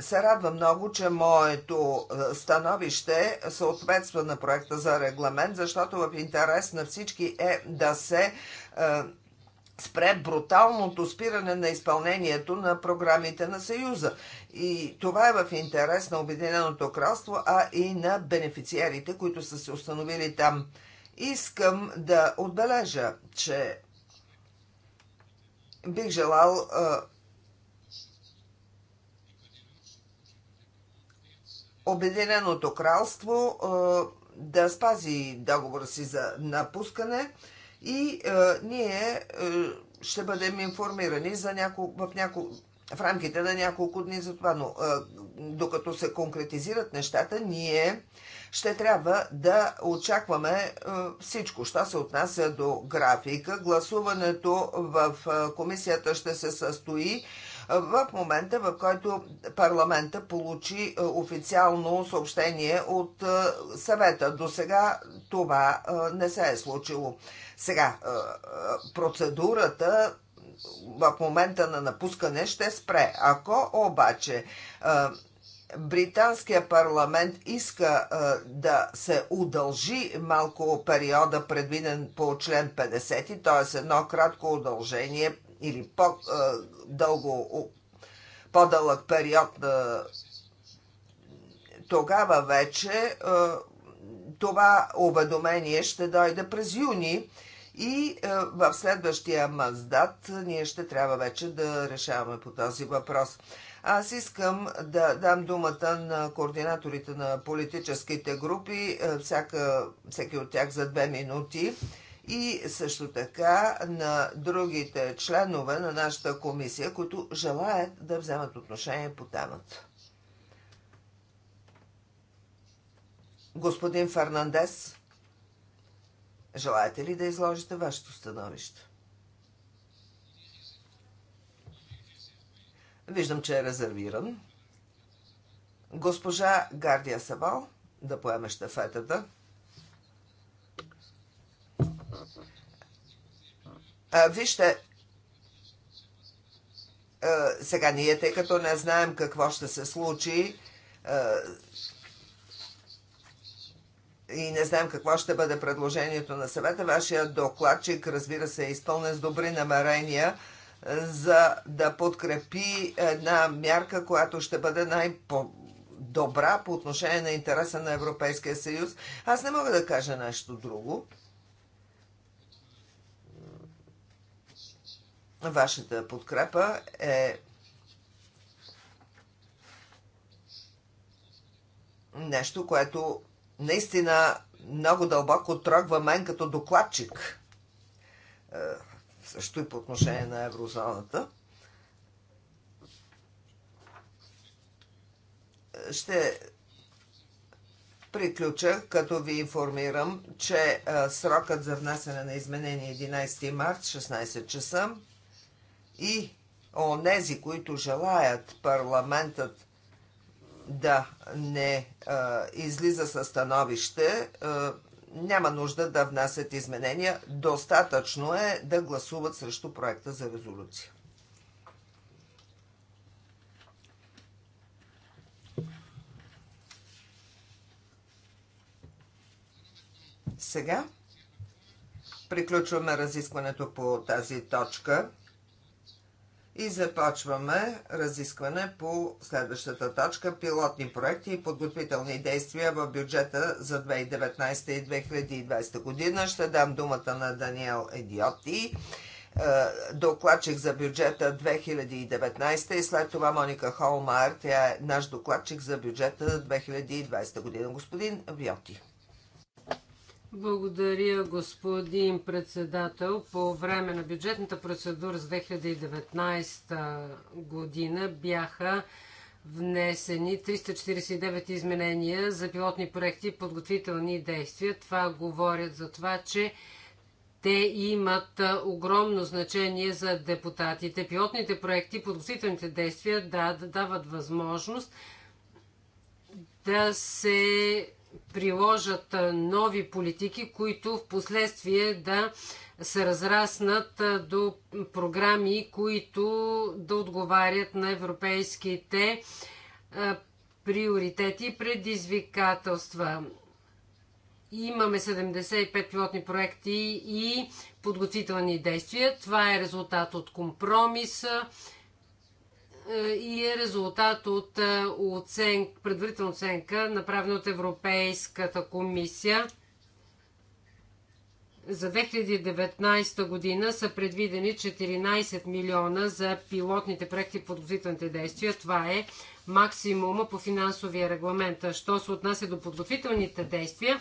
се радва много, че моето е, становище съответства на проекта за регламент, защото в интерес на всички е да се е, спре бруталното спиране на изпълнението на програмите на Съюза. И това е в интерес на Обединеното кралство, а и на бенефициерите, които са се установили там. Искам да отбележа, че бих желал е, Обединеното кралство да спази договора си за напускане и ние ще бъдем информирани за няко, в, няко, в рамките на няколко дни за това. Но докато се конкретизират нещата, ние ще трябва да очакваме всичко. Що се отнася до графика, гласуването в комисията ще се състои в момента, в който парламента получи е, официално съобщение от е, съвета. До сега това е, не се е случило. Сега, процедурата в момента на напускане ще спре. Ако обаче британския парламент иска да се удължи малко периода, предвиден по член 50, т.е. едно кратко удължение или по-дълго, по-дълъг период тогава вече това уведомение ще дойде през юни и в следващия мандат ние ще трябва вече да решаваме по този въпрос. Аз искам да дам думата на координаторите на политическите групи, всяка, всеки от тях за две минути и също така на другите членове на нашата комисия, които желаят да вземат отношение по темата. Господин Фернандес, желаете ли да изложите вашето становище? Виждам, че е резервиран. Госпожа Гардия Савал да поеме щафетата. Вижте, сега ние, тъй като не знаем какво ще се случи и не знаем какво ще бъде предложението на съвета, вашия докладчик, разбира се, е изпълнен с добри намерения за да подкрепи една мярка, която ще бъде най добра по отношение на интереса на Европейския съюз. Аз не мога да кажа нещо друго. Вашата подкрепа е нещо, което наистина много дълбоко трогва мен като докладчик. Е, също и по отношение на еврозоната. Ще приключа, като ви информирам, че е, срокът за внасяне на изменение 11 март, 16 часа и онези, които желаят парламентът да не а, излиза със становище, а, няма нужда да внасят изменения. Достатъчно е да гласуват срещу проекта за резолюция. Сега приключваме разискването по тази точка. И започваме разискване по следващата точка пилотни проекти и подготвителни действия в бюджета за 2019 и 2020 година. Ще дам думата на Даниел Едиоти, е, докладчик за бюджета 2019 и след това Моника Холмар, тя е наш докладчик за бюджета 2020 година. Господин Виоти. Благодаря, господин председател. По време на бюджетната процедура за 2019 година бяха внесени 349 изменения за пилотни проекти и подготвителни действия. Това говорят за това, че те имат огромно значение за депутатите. Пилотните проекти и подготвителните действия да, да дават възможност да се приложат нови политики, които в последствие да се разраснат до програми, които да отговарят на европейските приоритети и предизвикателства. Имаме 75 пилотни проекти и подготвителни действия. Това е резултат от компромиса е, и е резултат от е, предварителна оценка, направена от Европейската комисия. За 2019 година са предвидени 14 милиона за пилотните проекти и подготвителните действия. Това е максимума по финансовия регламент. Що се отнася до подготвителните действия,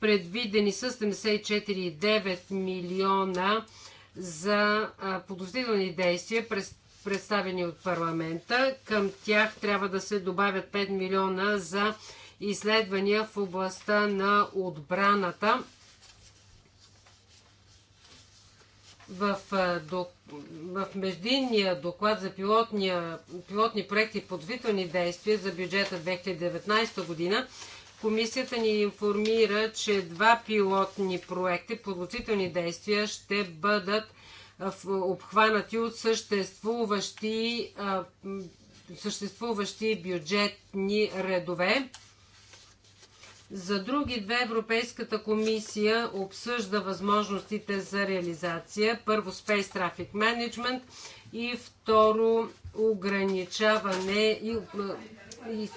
предвидени са 74,9 милиона за подготвителни действия през представени от парламента. Към тях трябва да се добавят 5 милиона за изследвания в областта на отбраната. В, в междинния доклад за пилотния, пилотни проекти и подвитвани действия за бюджета 2019 година Комисията ни информира, че два пилотни проекти, подготвителни действия, ще бъдат обхванати от съществуващи, съществуващи бюджетни редове. За други две Европейската комисия обсъжда възможностите за реализация. Първо Space Traffic Management и второ ограничаване и, и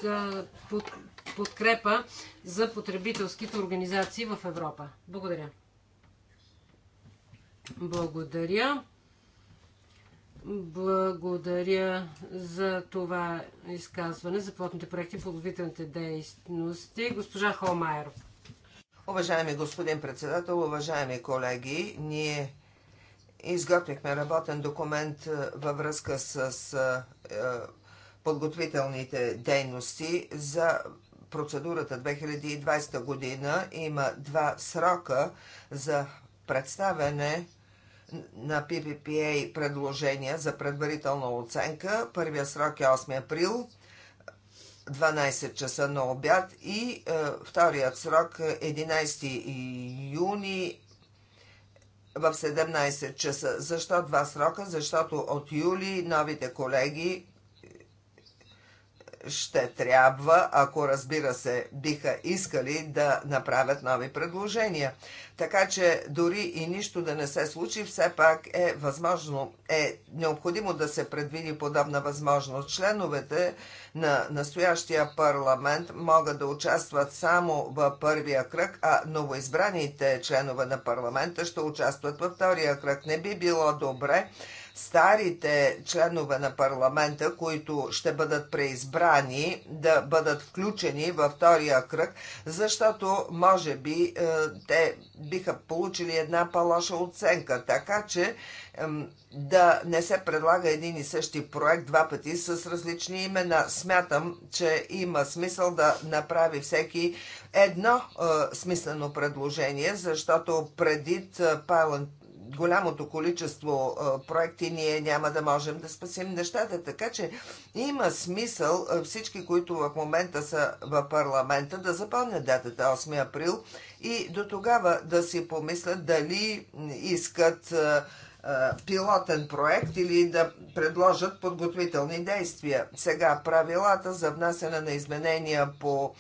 подкрепа за потребителските организации в Европа. Благодаря. Благодаря. Благодаря за това изказване за плотните проекти и подготвителните дейности. Госпожа Холмайер. Уважаеми господин председател, уважаеми колеги, ние изготвихме работен документ е, във връзка с е, подготвителните дейности за процедурата 2020 година. Има два срока за представяне на PPPA предложения за предварителна оценка. Първия срок е 8 април, 12 часа на обяд и е, вторият срок 11 е юни в 17 часа. Защо два срока? Защото от юли новите колеги ще трябва, ако разбира се, биха искали да направят нови предложения. Така че дори и нищо да не се случи, все пак е възможно, е необходимо да се предвиди подобна възможност. Членовете на настоящия парламент могат да участват само в първия кръг, а новоизбраните членове на парламента ще участват във втория кръг. Не би било добре старите членове на парламента, които ще бъдат преизбрани, да бъдат включени във втория кръг, защото може би е, те биха получили една по-лоша оценка. Така че да не се предлага един и същи проект два пъти с различни имена. Смятам, че има смисъл да направи всеки едно е, смислено предложение, защото преди е, Парламент голямото количество проекти ние няма да можем да спасим нещата. Така че има смисъл всички, които в момента са в парламента, да запълнят датата 8 април и до тогава да си помислят дали искат пилотен проект или да предложат подготвителни действия. Сега правилата за внасяне на изменения по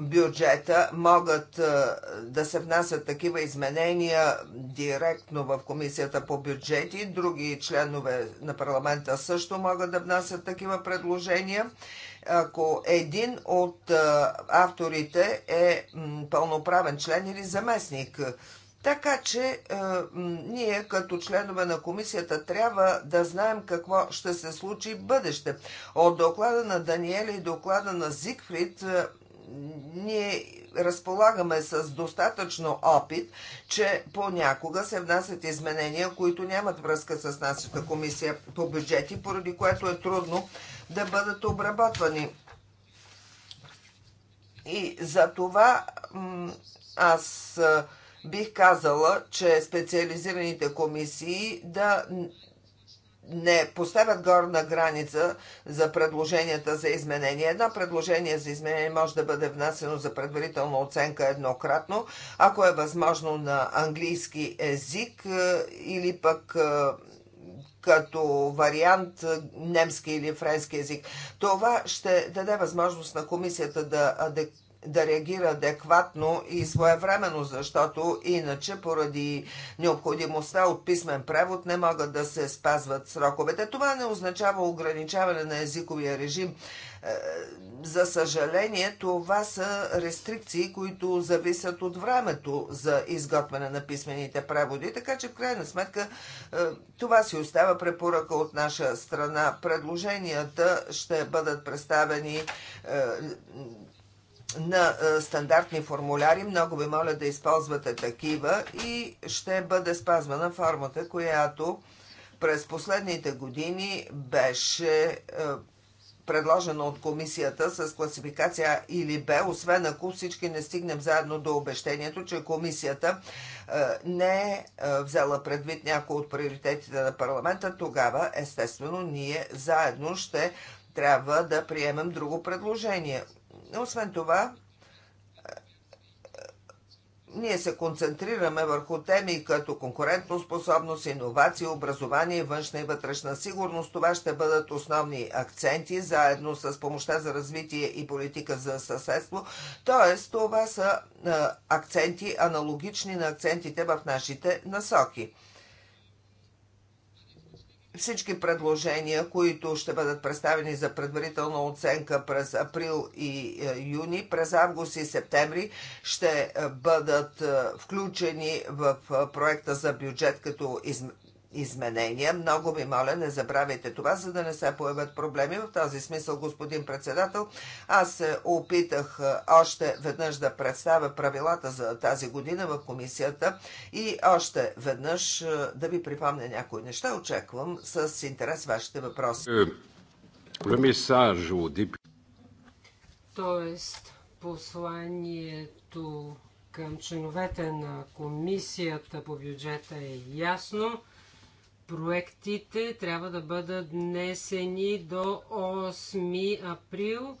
бюджета могат е, да се внасят такива изменения директно в комисията по бюджети. Други членове на парламента също могат да внасят такива предложения. Ако един от е, авторите е пълноправен член или заместник, така че е, ние като членове на комисията трябва да знаем какво ще се случи в бъдеще. От доклада на Даниели и доклада на Зигфрид е, ние разполагаме с достатъчно опит, че понякога се внасят изменения, които нямат връзка с нашата комисия по бюджети, поради което е трудно да бъдат обработвани. И за това аз бих казала, че специализираните комисии да не поставят горна граница за предложенията за изменение. Едно предложение за изменение може да бъде внасено за предварителна оценка еднократно, ако е възможно на английски език е, или пък е, като вариант немски или френски език. Това ще даде възможност на комисията да адекватно да реагира адекватно и своевременно, защото иначе поради необходимостта от писмен превод не могат да се спазват сроковете. Това не означава ограничаване на езиковия режим. Е, за съжаление, това са рестрикции, които зависят от времето за изготвяне на писмените преводи, така че в крайна сметка е, това си остава препоръка от наша страна. Предложенията ще бъдат представени е, на е, стандартни формуляри. Много ви моля да използвате такива и ще бъде спазвана формата, която през последните години беше е, предложена от комисията с класификация или Б, освен ако всички не стигнем заедно до обещението, че комисията е, не е взела предвид някои от приоритетите на парламента, тогава естествено ние заедно ще трябва да приемем друго предложение. Освен това, е, е, ние се концентрираме върху теми като способност, иновации, образование, външна и вътрешна сигурност. Това ще бъдат основни акценти, заедно с помощта за развитие и политика за съседство. Тоест, това са е, акценти, аналогични на акцентите в нашите насоки всички предложения, които ще бъдат представени за предварителна оценка през април и е, юни, през август и септември ще е, бъдат е, включени в проекта за бюджет като изменение изменения. Много ви моля, не забравяйте това, за да не се появят проблеми. В този смисъл, господин председател, аз се опитах още веднъж да представя правилата за тази година в комисията и още веднъж да ви припомня някои неща. Очаквам с интерес вашите въпроси. Е, Тоест, посланието към членовете на комисията по бюджета е ясно проектите трябва да бъдат внесени до 8 април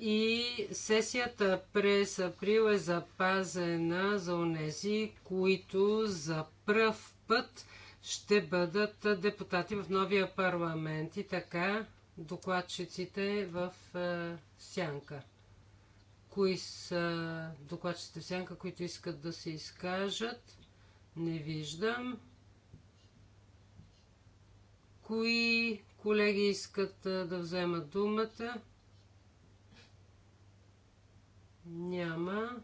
и сесията през април е запазена за онези, които за пръв път ще бъдат депутати в новия парламент и така докладчиците в е, сянка. Кои са докладчиците в сянка, които искат да се изкажат? Не виждам. Кои колеги искат да вземат думата? Няма.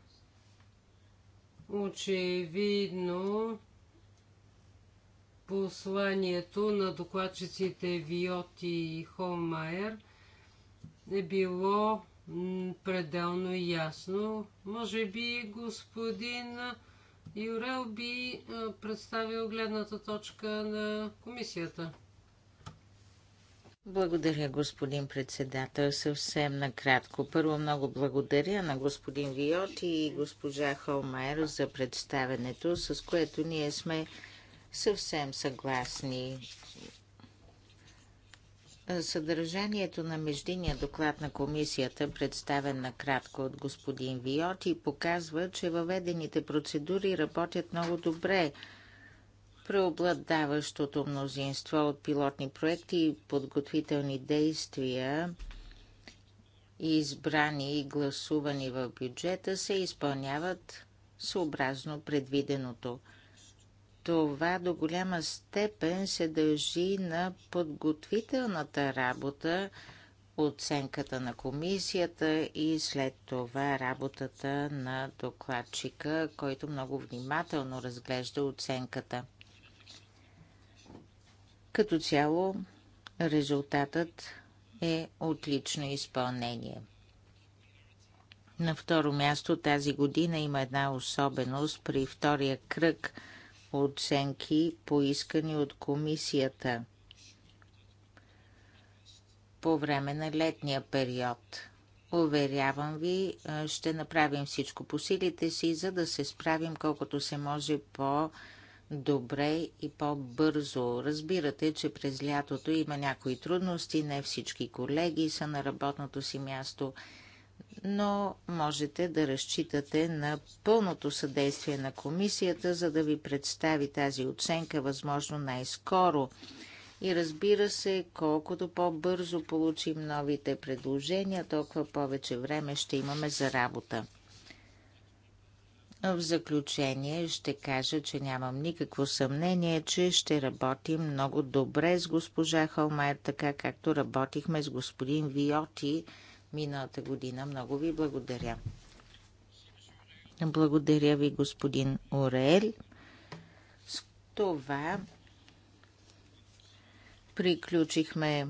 Очевидно посланието на докладчиците Виот и Холмайер е било пределно ясно. Може би господин Юрел би представил гледната точка на комисията. Благодаря, господин председател. Съвсем накратко. Първо много благодаря на господин Виоти и госпожа Холмайер за представенето, с което ние сме съвсем съгласни. Съдържанието на междиния доклад на комисията, представен накратко от господин Виоти, показва, че въведените процедури работят много добре – преобладаващото мнозинство от пилотни проекти и подготвителни действия, избрани и гласувани в бюджета, се изпълняват съобразно предвиденото. Това до голяма степен се дължи на подготвителната работа, оценката на комисията и след това работата на докладчика, който много внимателно разглежда оценката. Като цяло резултатът е отлично изпълнение. На второ място тази година има една особеност при втория кръг оценки, поискани от комисията по време на летния период. Уверявам ви, ще направим всичко по силите си, за да се справим колкото се може по-добре добре и по-бързо. Разбирате, че през лятото има някои трудности, не всички колеги са на работното си място, но можете да разчитате на пълното съдействие на комисията, за да ви представи тази оценка възможно най-скоро. И разбира се, колкото по-бързо получим новите предложения, толкова повече време ще имаме за работа. В заключение ще кажа, че нямам никакво съмнение, че ще работим много добре с госпожа Холмайер, така както работихме с господин Виоти миналата година. Много ви благодаря. Благодаря ви, господин Орел. С това приключихме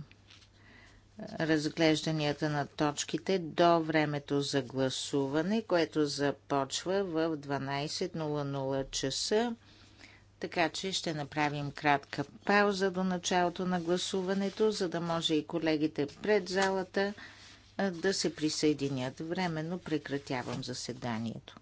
разглежданията на точките до времето за гласуване, което започва в 12.00 часа. Така че ще направим кратка пауза до началото на гласуването, за да може и колегите пред залата да се присъединят. Временно прекратявам заседанието.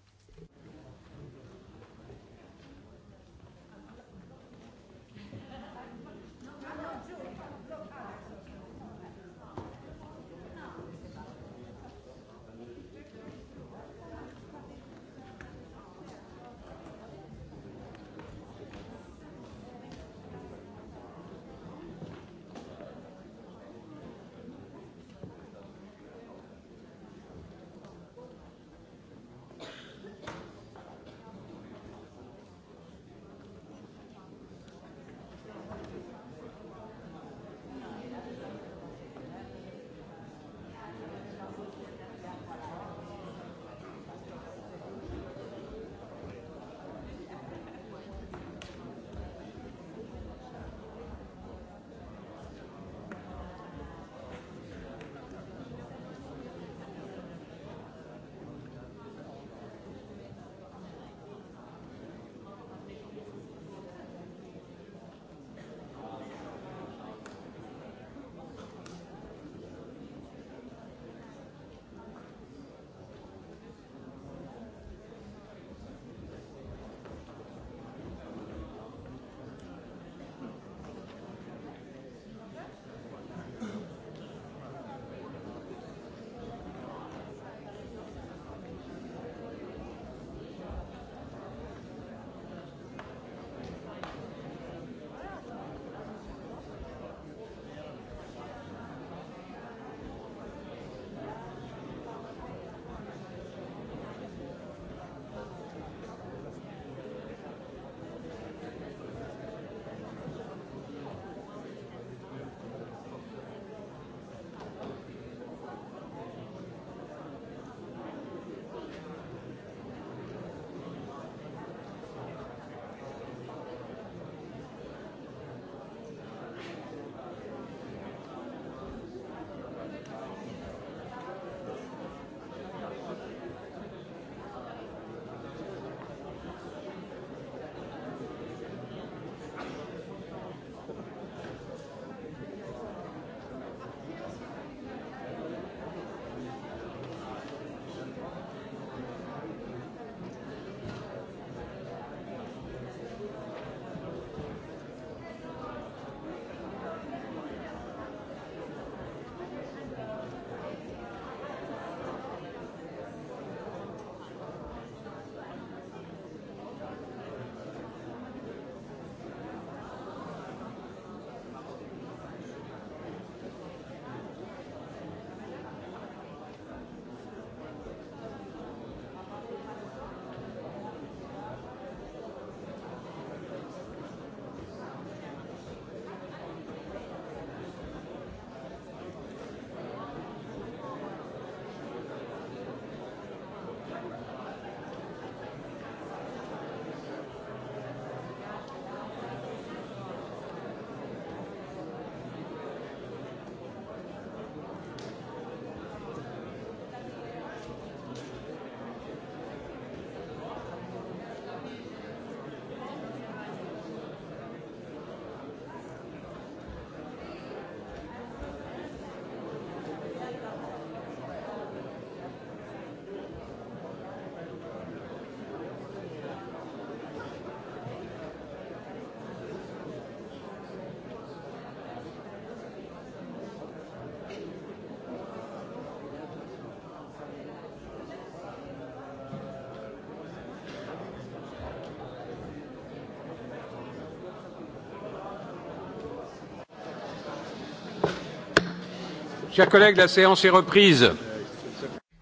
Chers collègues, la séance est reprise.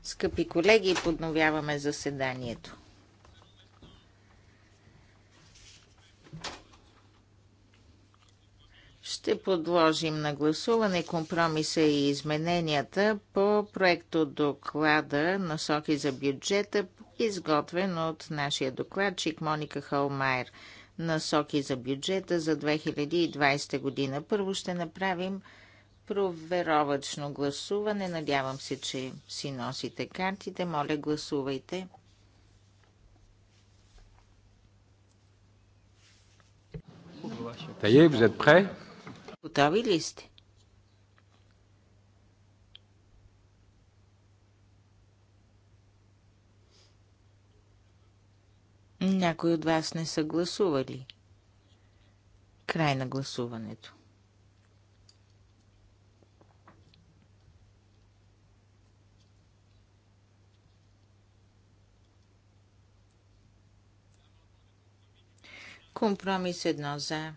Скъпи колеги, подновяваме заседанието. Ще подложим на гласуване компромиса и измененията по проекто доклада Насоки за бюджета, изготвен от нашия докладчик Моника Холмайер. Насоки за бюджета за 2020 година. Първо ще направим проверовачно гласуване. Надявам се, че си носите картите. Моля, гласувайте. Готови ли сте? Някои от вас не са гласували. Край на гласуването. Компромис 1 за.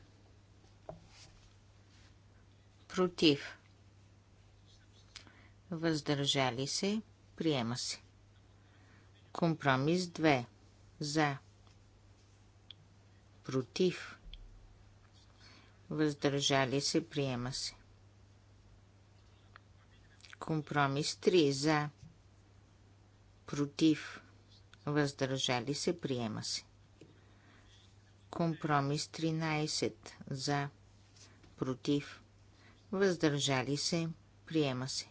Против. Въздържали се. Приема се. Компромис 2 за. Против. Въздържали се. Приема се. Компромис 3 за. Против. Въздържали се. Приема се. Компромис 13 за, против, въздържали се, приема се.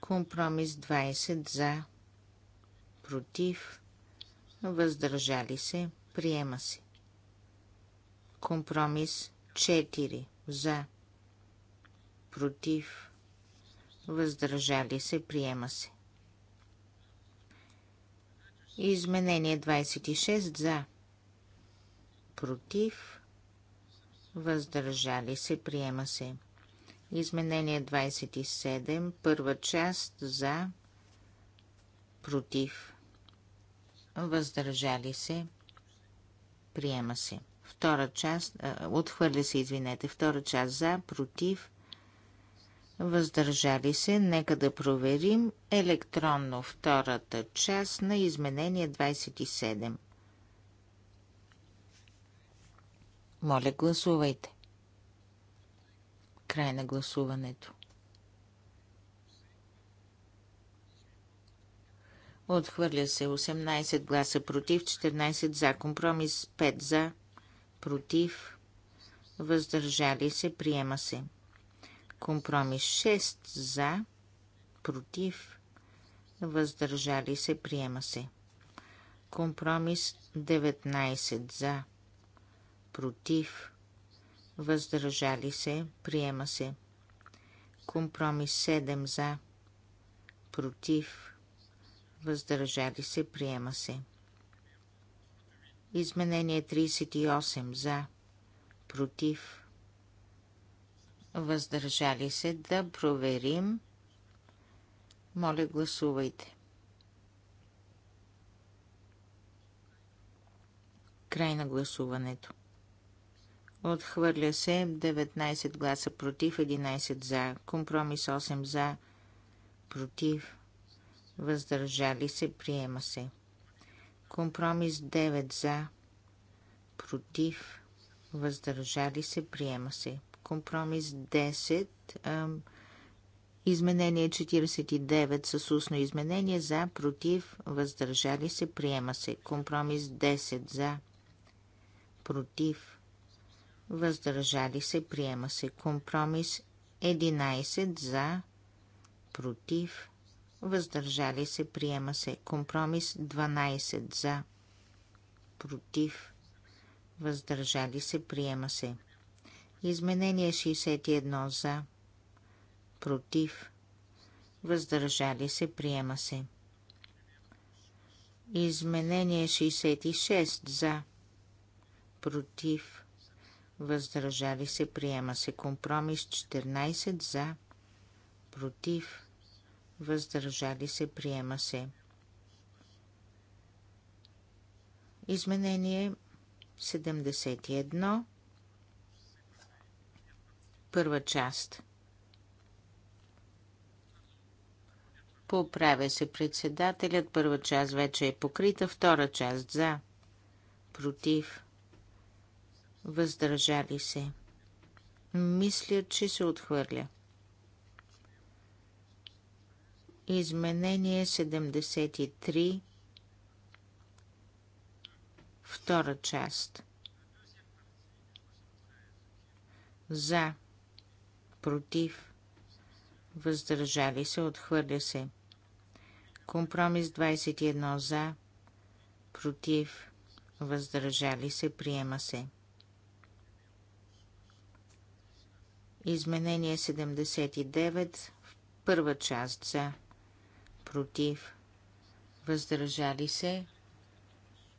Компромис 20 за, против, въздържали се, приема се. Компромис 4 за, против, въздържали се, приема се. Изменение 26 за, против, въздържали се, приема се. Изменение 27, първа част за, против, въздържали се, приема се. Втора част, отхвърля се, извинете, втора част за, против, въздържали се. Нека да проверим електронно втората част на изменение 27. Моля, гласувайте. Край на гласуването. Отхвърля се 18 гласа против, 14 за. Компромис 5 за, против, въздържали се, приема се. Компромис 6 за, против, въздържали се, приема се. Компромис 19 за, против, въздържали се, приема се. Компромис 7 за, против, въздържали се, приема се. Изменение 38 за, против, въздържали се, да проверим. Моля, гласувайте. Край на гласуването. Отхвърля се 19 гласа против, 11 за. Компромис 8 за, против, въздържали се, приема се. Компромис 9 за, против, въздържали се, приема се. Компромис 10, ам, изменение 49 с устно изменение за, против, въздържали се, приема се. Компромис 10 за, против, въздържали се, приема се. Компромис 11 за, против, въздържали се, приема се. Компромис 12 за, против, въздържали се, приема се. Изменение 61 за, против, въздържали се, приема се. Изменение 66 за, против, въздържали се, приема се. Компромис 14 за, против, въздържали се, приема се. Изменение 71, първа част. Поправя се председателят, първа част вече е покрита, втора част за, против, въздържали се. Мисля, че се отхвърля. Изменение 73, втора част. За, против, въздържали се, отхвърля се. Компромис 21 за, против, въздържали се, приема се. Изменение 79 в първа част за против въздържали се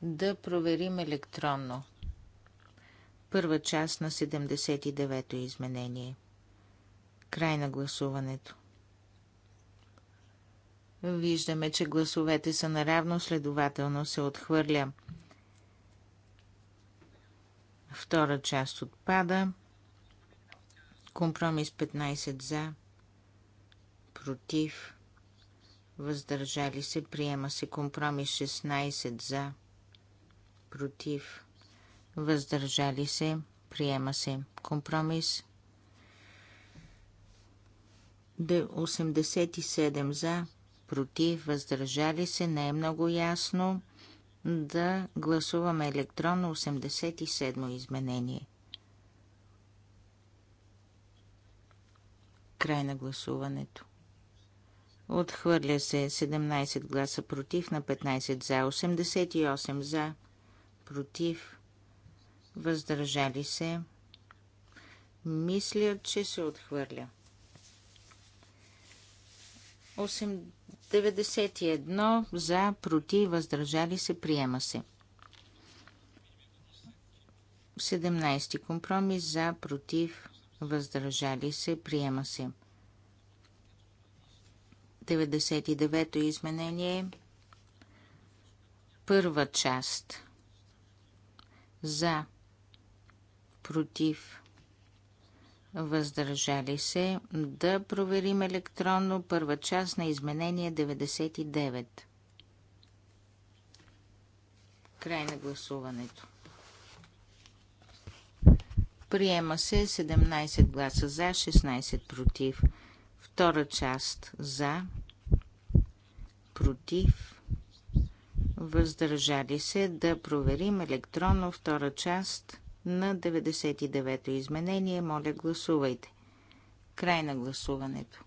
да проверим електронно. Първа част на 79-то изменение. Край на гласуването. Виждаме, че гласовете са наравно, следователно се отхвърля. Втора част отпада. Компромис 15 за, против, въздържали се, приема се. Компромис 16 за, против, въздържали се, приема се. Компромис 87 за, против, въздържали се, не е много ясно да гласуваме електронно 87 изменение. Край на гласуването. Отхвърля се 17 гласа против на 15 за, 88 за, против, въздържали се. Мисля, че се отхвърля. 91 за, против, въздържали се, приема се. 17 компромис за, против, въздържали се, приема се. 99-то изменение първа част за против въздържали се да проверим електронно първа част на изменение 99 край на гласуването Приема се 17 гласа за, 16 против. Втора част за, против, въздържали се да проверим електронно втора част на 99-то изменение. Моля, гласувайте. Край на гласуването.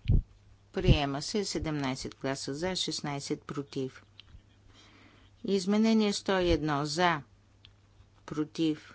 Приема се 17 гласа за, 16 против. Изменение 101 за, против,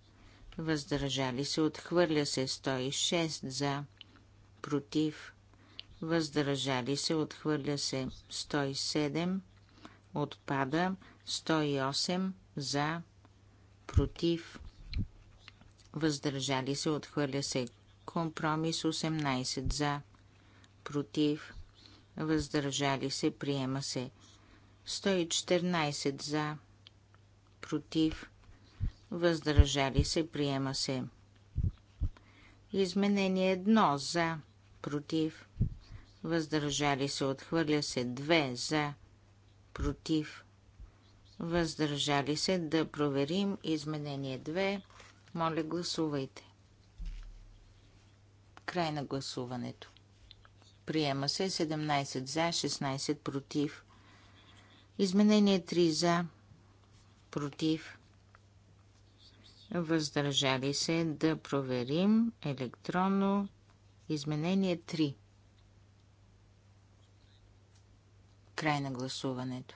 въздържали се, отхвърля се 106 за, против, въздържали се, отхвърля се 107, отпада 108 за, против, въздържали се, отхвърля се компромис 18 за, против, въздържали се, приема се 114 за, против, въздържали се, приема се. Изменение 1 за, против, въздържали се, отхвърля се 2 за, против, въздържали се. Да проверим изменение 2. Моля, гласувайте. Край на гласуването. Приема се 17 за, 16 против. Изменение 3 за, против, въздържали се да проверим електронно изменение 3. Край на гласуването.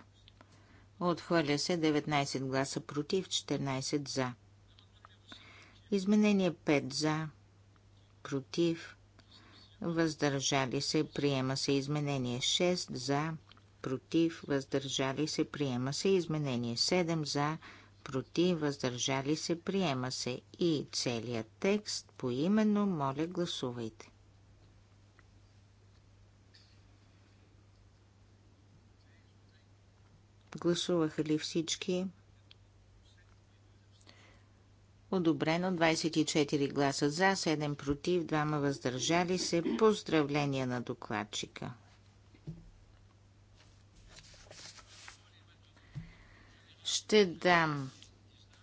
Отхвърля се 19 гласа против, 14 за. Изменение 5 за, против, въздържали се, приема се изменение 6 за, против, въздържали се, приема се изменение 7 за, против, против, въздържали се, приема се. И целият текст по именно, моля, гласувайте. Гласуваха ли всички? Одобрено 24 гласа за, 7 против, 2 въздържали се. Поздравления на докладчика. Ще дам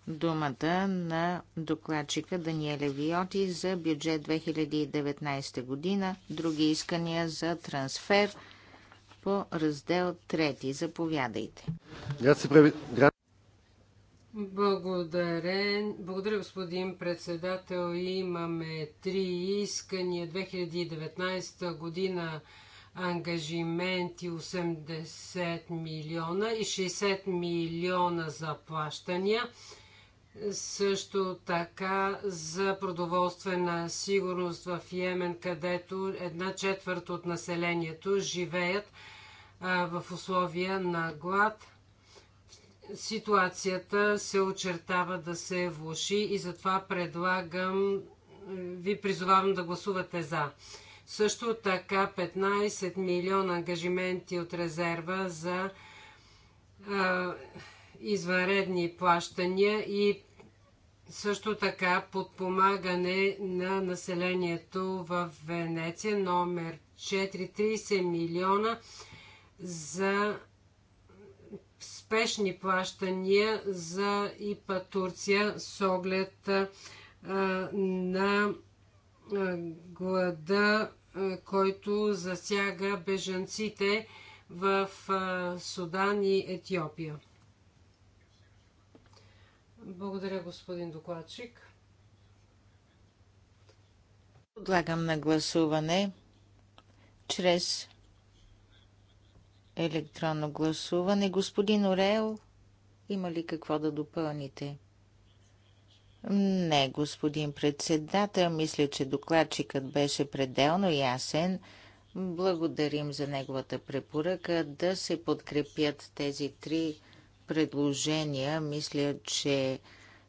думата на докладчика Даниеле Виоти за бюджет 2019 година. Други искания за трансфер по раздел 3. Заповядайте. Благодаря, благодаря господин председател. Имаме три искания 2019 година ангажименти 80 милиона и 60 милиона за плащания. Също така за продоволствена сигурност в Йемен, където една четвърт от населението живеят в условия на глад. Ситуацията се очертава да се влуши и затова предлагам, ви призовавам да гласувате за. Също така 15 милиона ангажименти от резерва за а, извънредни плащания и също така подпомагане на населението в Венеция, номер 4, 30 милиона за спешни плащания за ИПА Турция с оглед а, на глада е, който засяга бежанците в е, Судан и Етиопия. Благодаря, господин докладчик. Подлагам на гласуване чрез електронно гласуване. Господин Орел, има ли какво да допълните? Не, господин председател, мисля, че докладчикът беше пределно ясен. Благодарим за неговата препоръка да се подкрепят тези три предложения. Мисля, че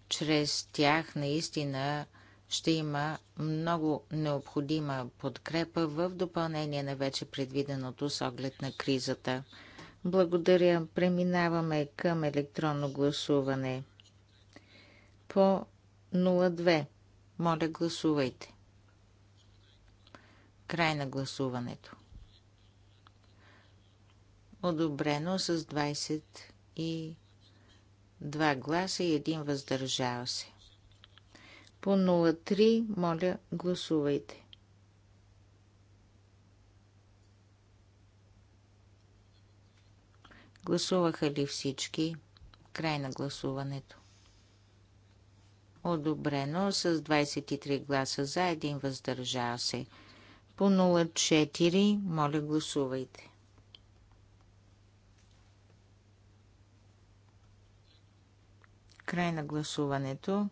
чрез тях наистина ще има много необходима подкрепа в допълнение на вече предвиденото с оглед на кризата. Благодаря. Преминаваме към електронно гласуване по 02. Моля, гласувайте. Край на гласуването. Одобрено с 22 гласа и един въздържава се. По 03, моля, гласувайте. Гласуваха ли всички? Край на гласуването одобрено с 23 гласа за, един въздържал се. По 04, моля гласувайте. Край на гласуването.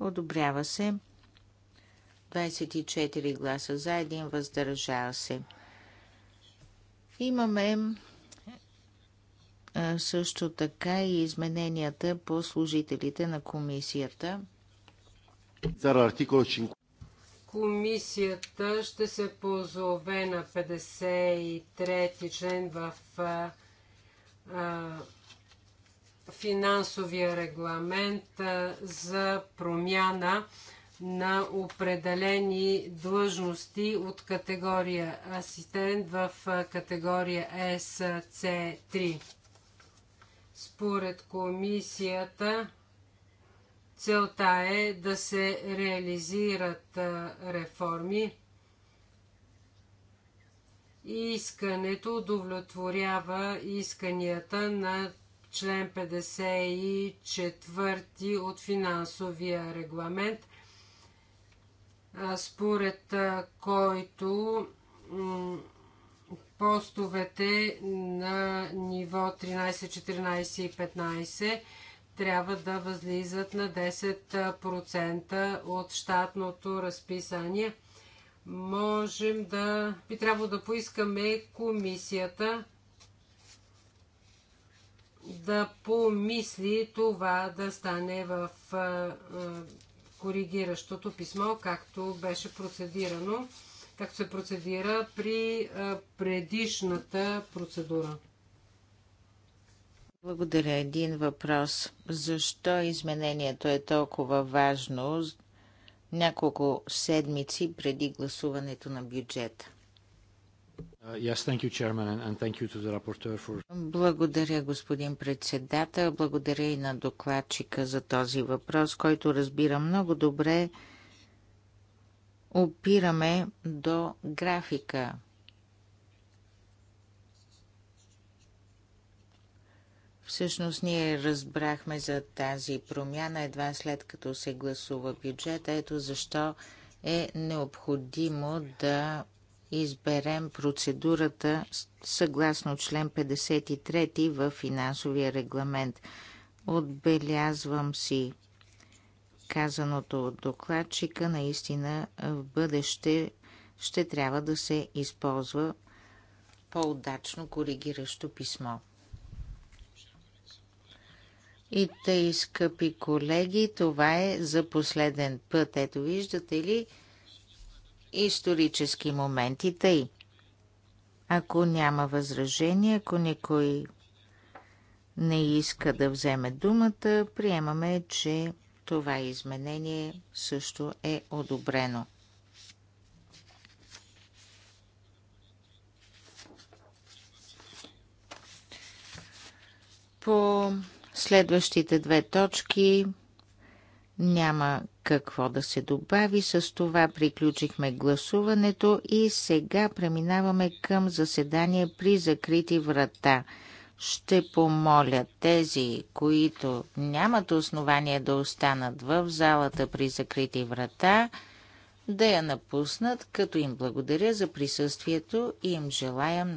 Одобрява се. 24 гласа за, един въздържал се. Имаме също така и измененията по служителите на комисията. Комисията ще се позове на 53 член в а, а, финансовия регламент а, за промяна на определени длъжности от категория асистент в категория SC3. Според комисията целта е да се реализират реформи. Искането удовлетворява исканията на член 54 от финансовия регламент, според който постовете на ниво 13, 14 и 15 трябва да възлизат на 10% от щатното разписание. Можем да... би трябвало да поискаме комисията да помисли това да стане в коригиращото писмо, както беше процедирано как се процедира при предишната процедура. Благодаря. Един въпрос. Защо изменението е толкова важно няколко седмици преди гласуването на бюджета? Uh, Благодаря, господин председател. Благодаря и на докладчика за този въпрос, който разбира много добре опираме до графика. Всъщност ние разбрахме за тази промяна едва след като се гласува бюджета. Ето защо е необходимо да изберем процедурата съгласно член 53 в финансовия регламент. Отбелязвам си казаното от докладчика, наистина в бъдеще ще трябва да се използва по-удачно коригиращо писмо. И тъй, скъпи колеги, това е за последен път. Ето виждате ли исторически моменти тъй. Ако няма възражение, ако никой не иска да вземе думата, приемаме, че това изменение също е одобрено. По следващите две точки няма какво да се добави. С това приключихме гласуването и сега преминаваме към заседание при закрити врата ще помоля тези, които нямат основание да останат в залата при закрити врата, да я напуснат, като им благодаря за присъствието и им желая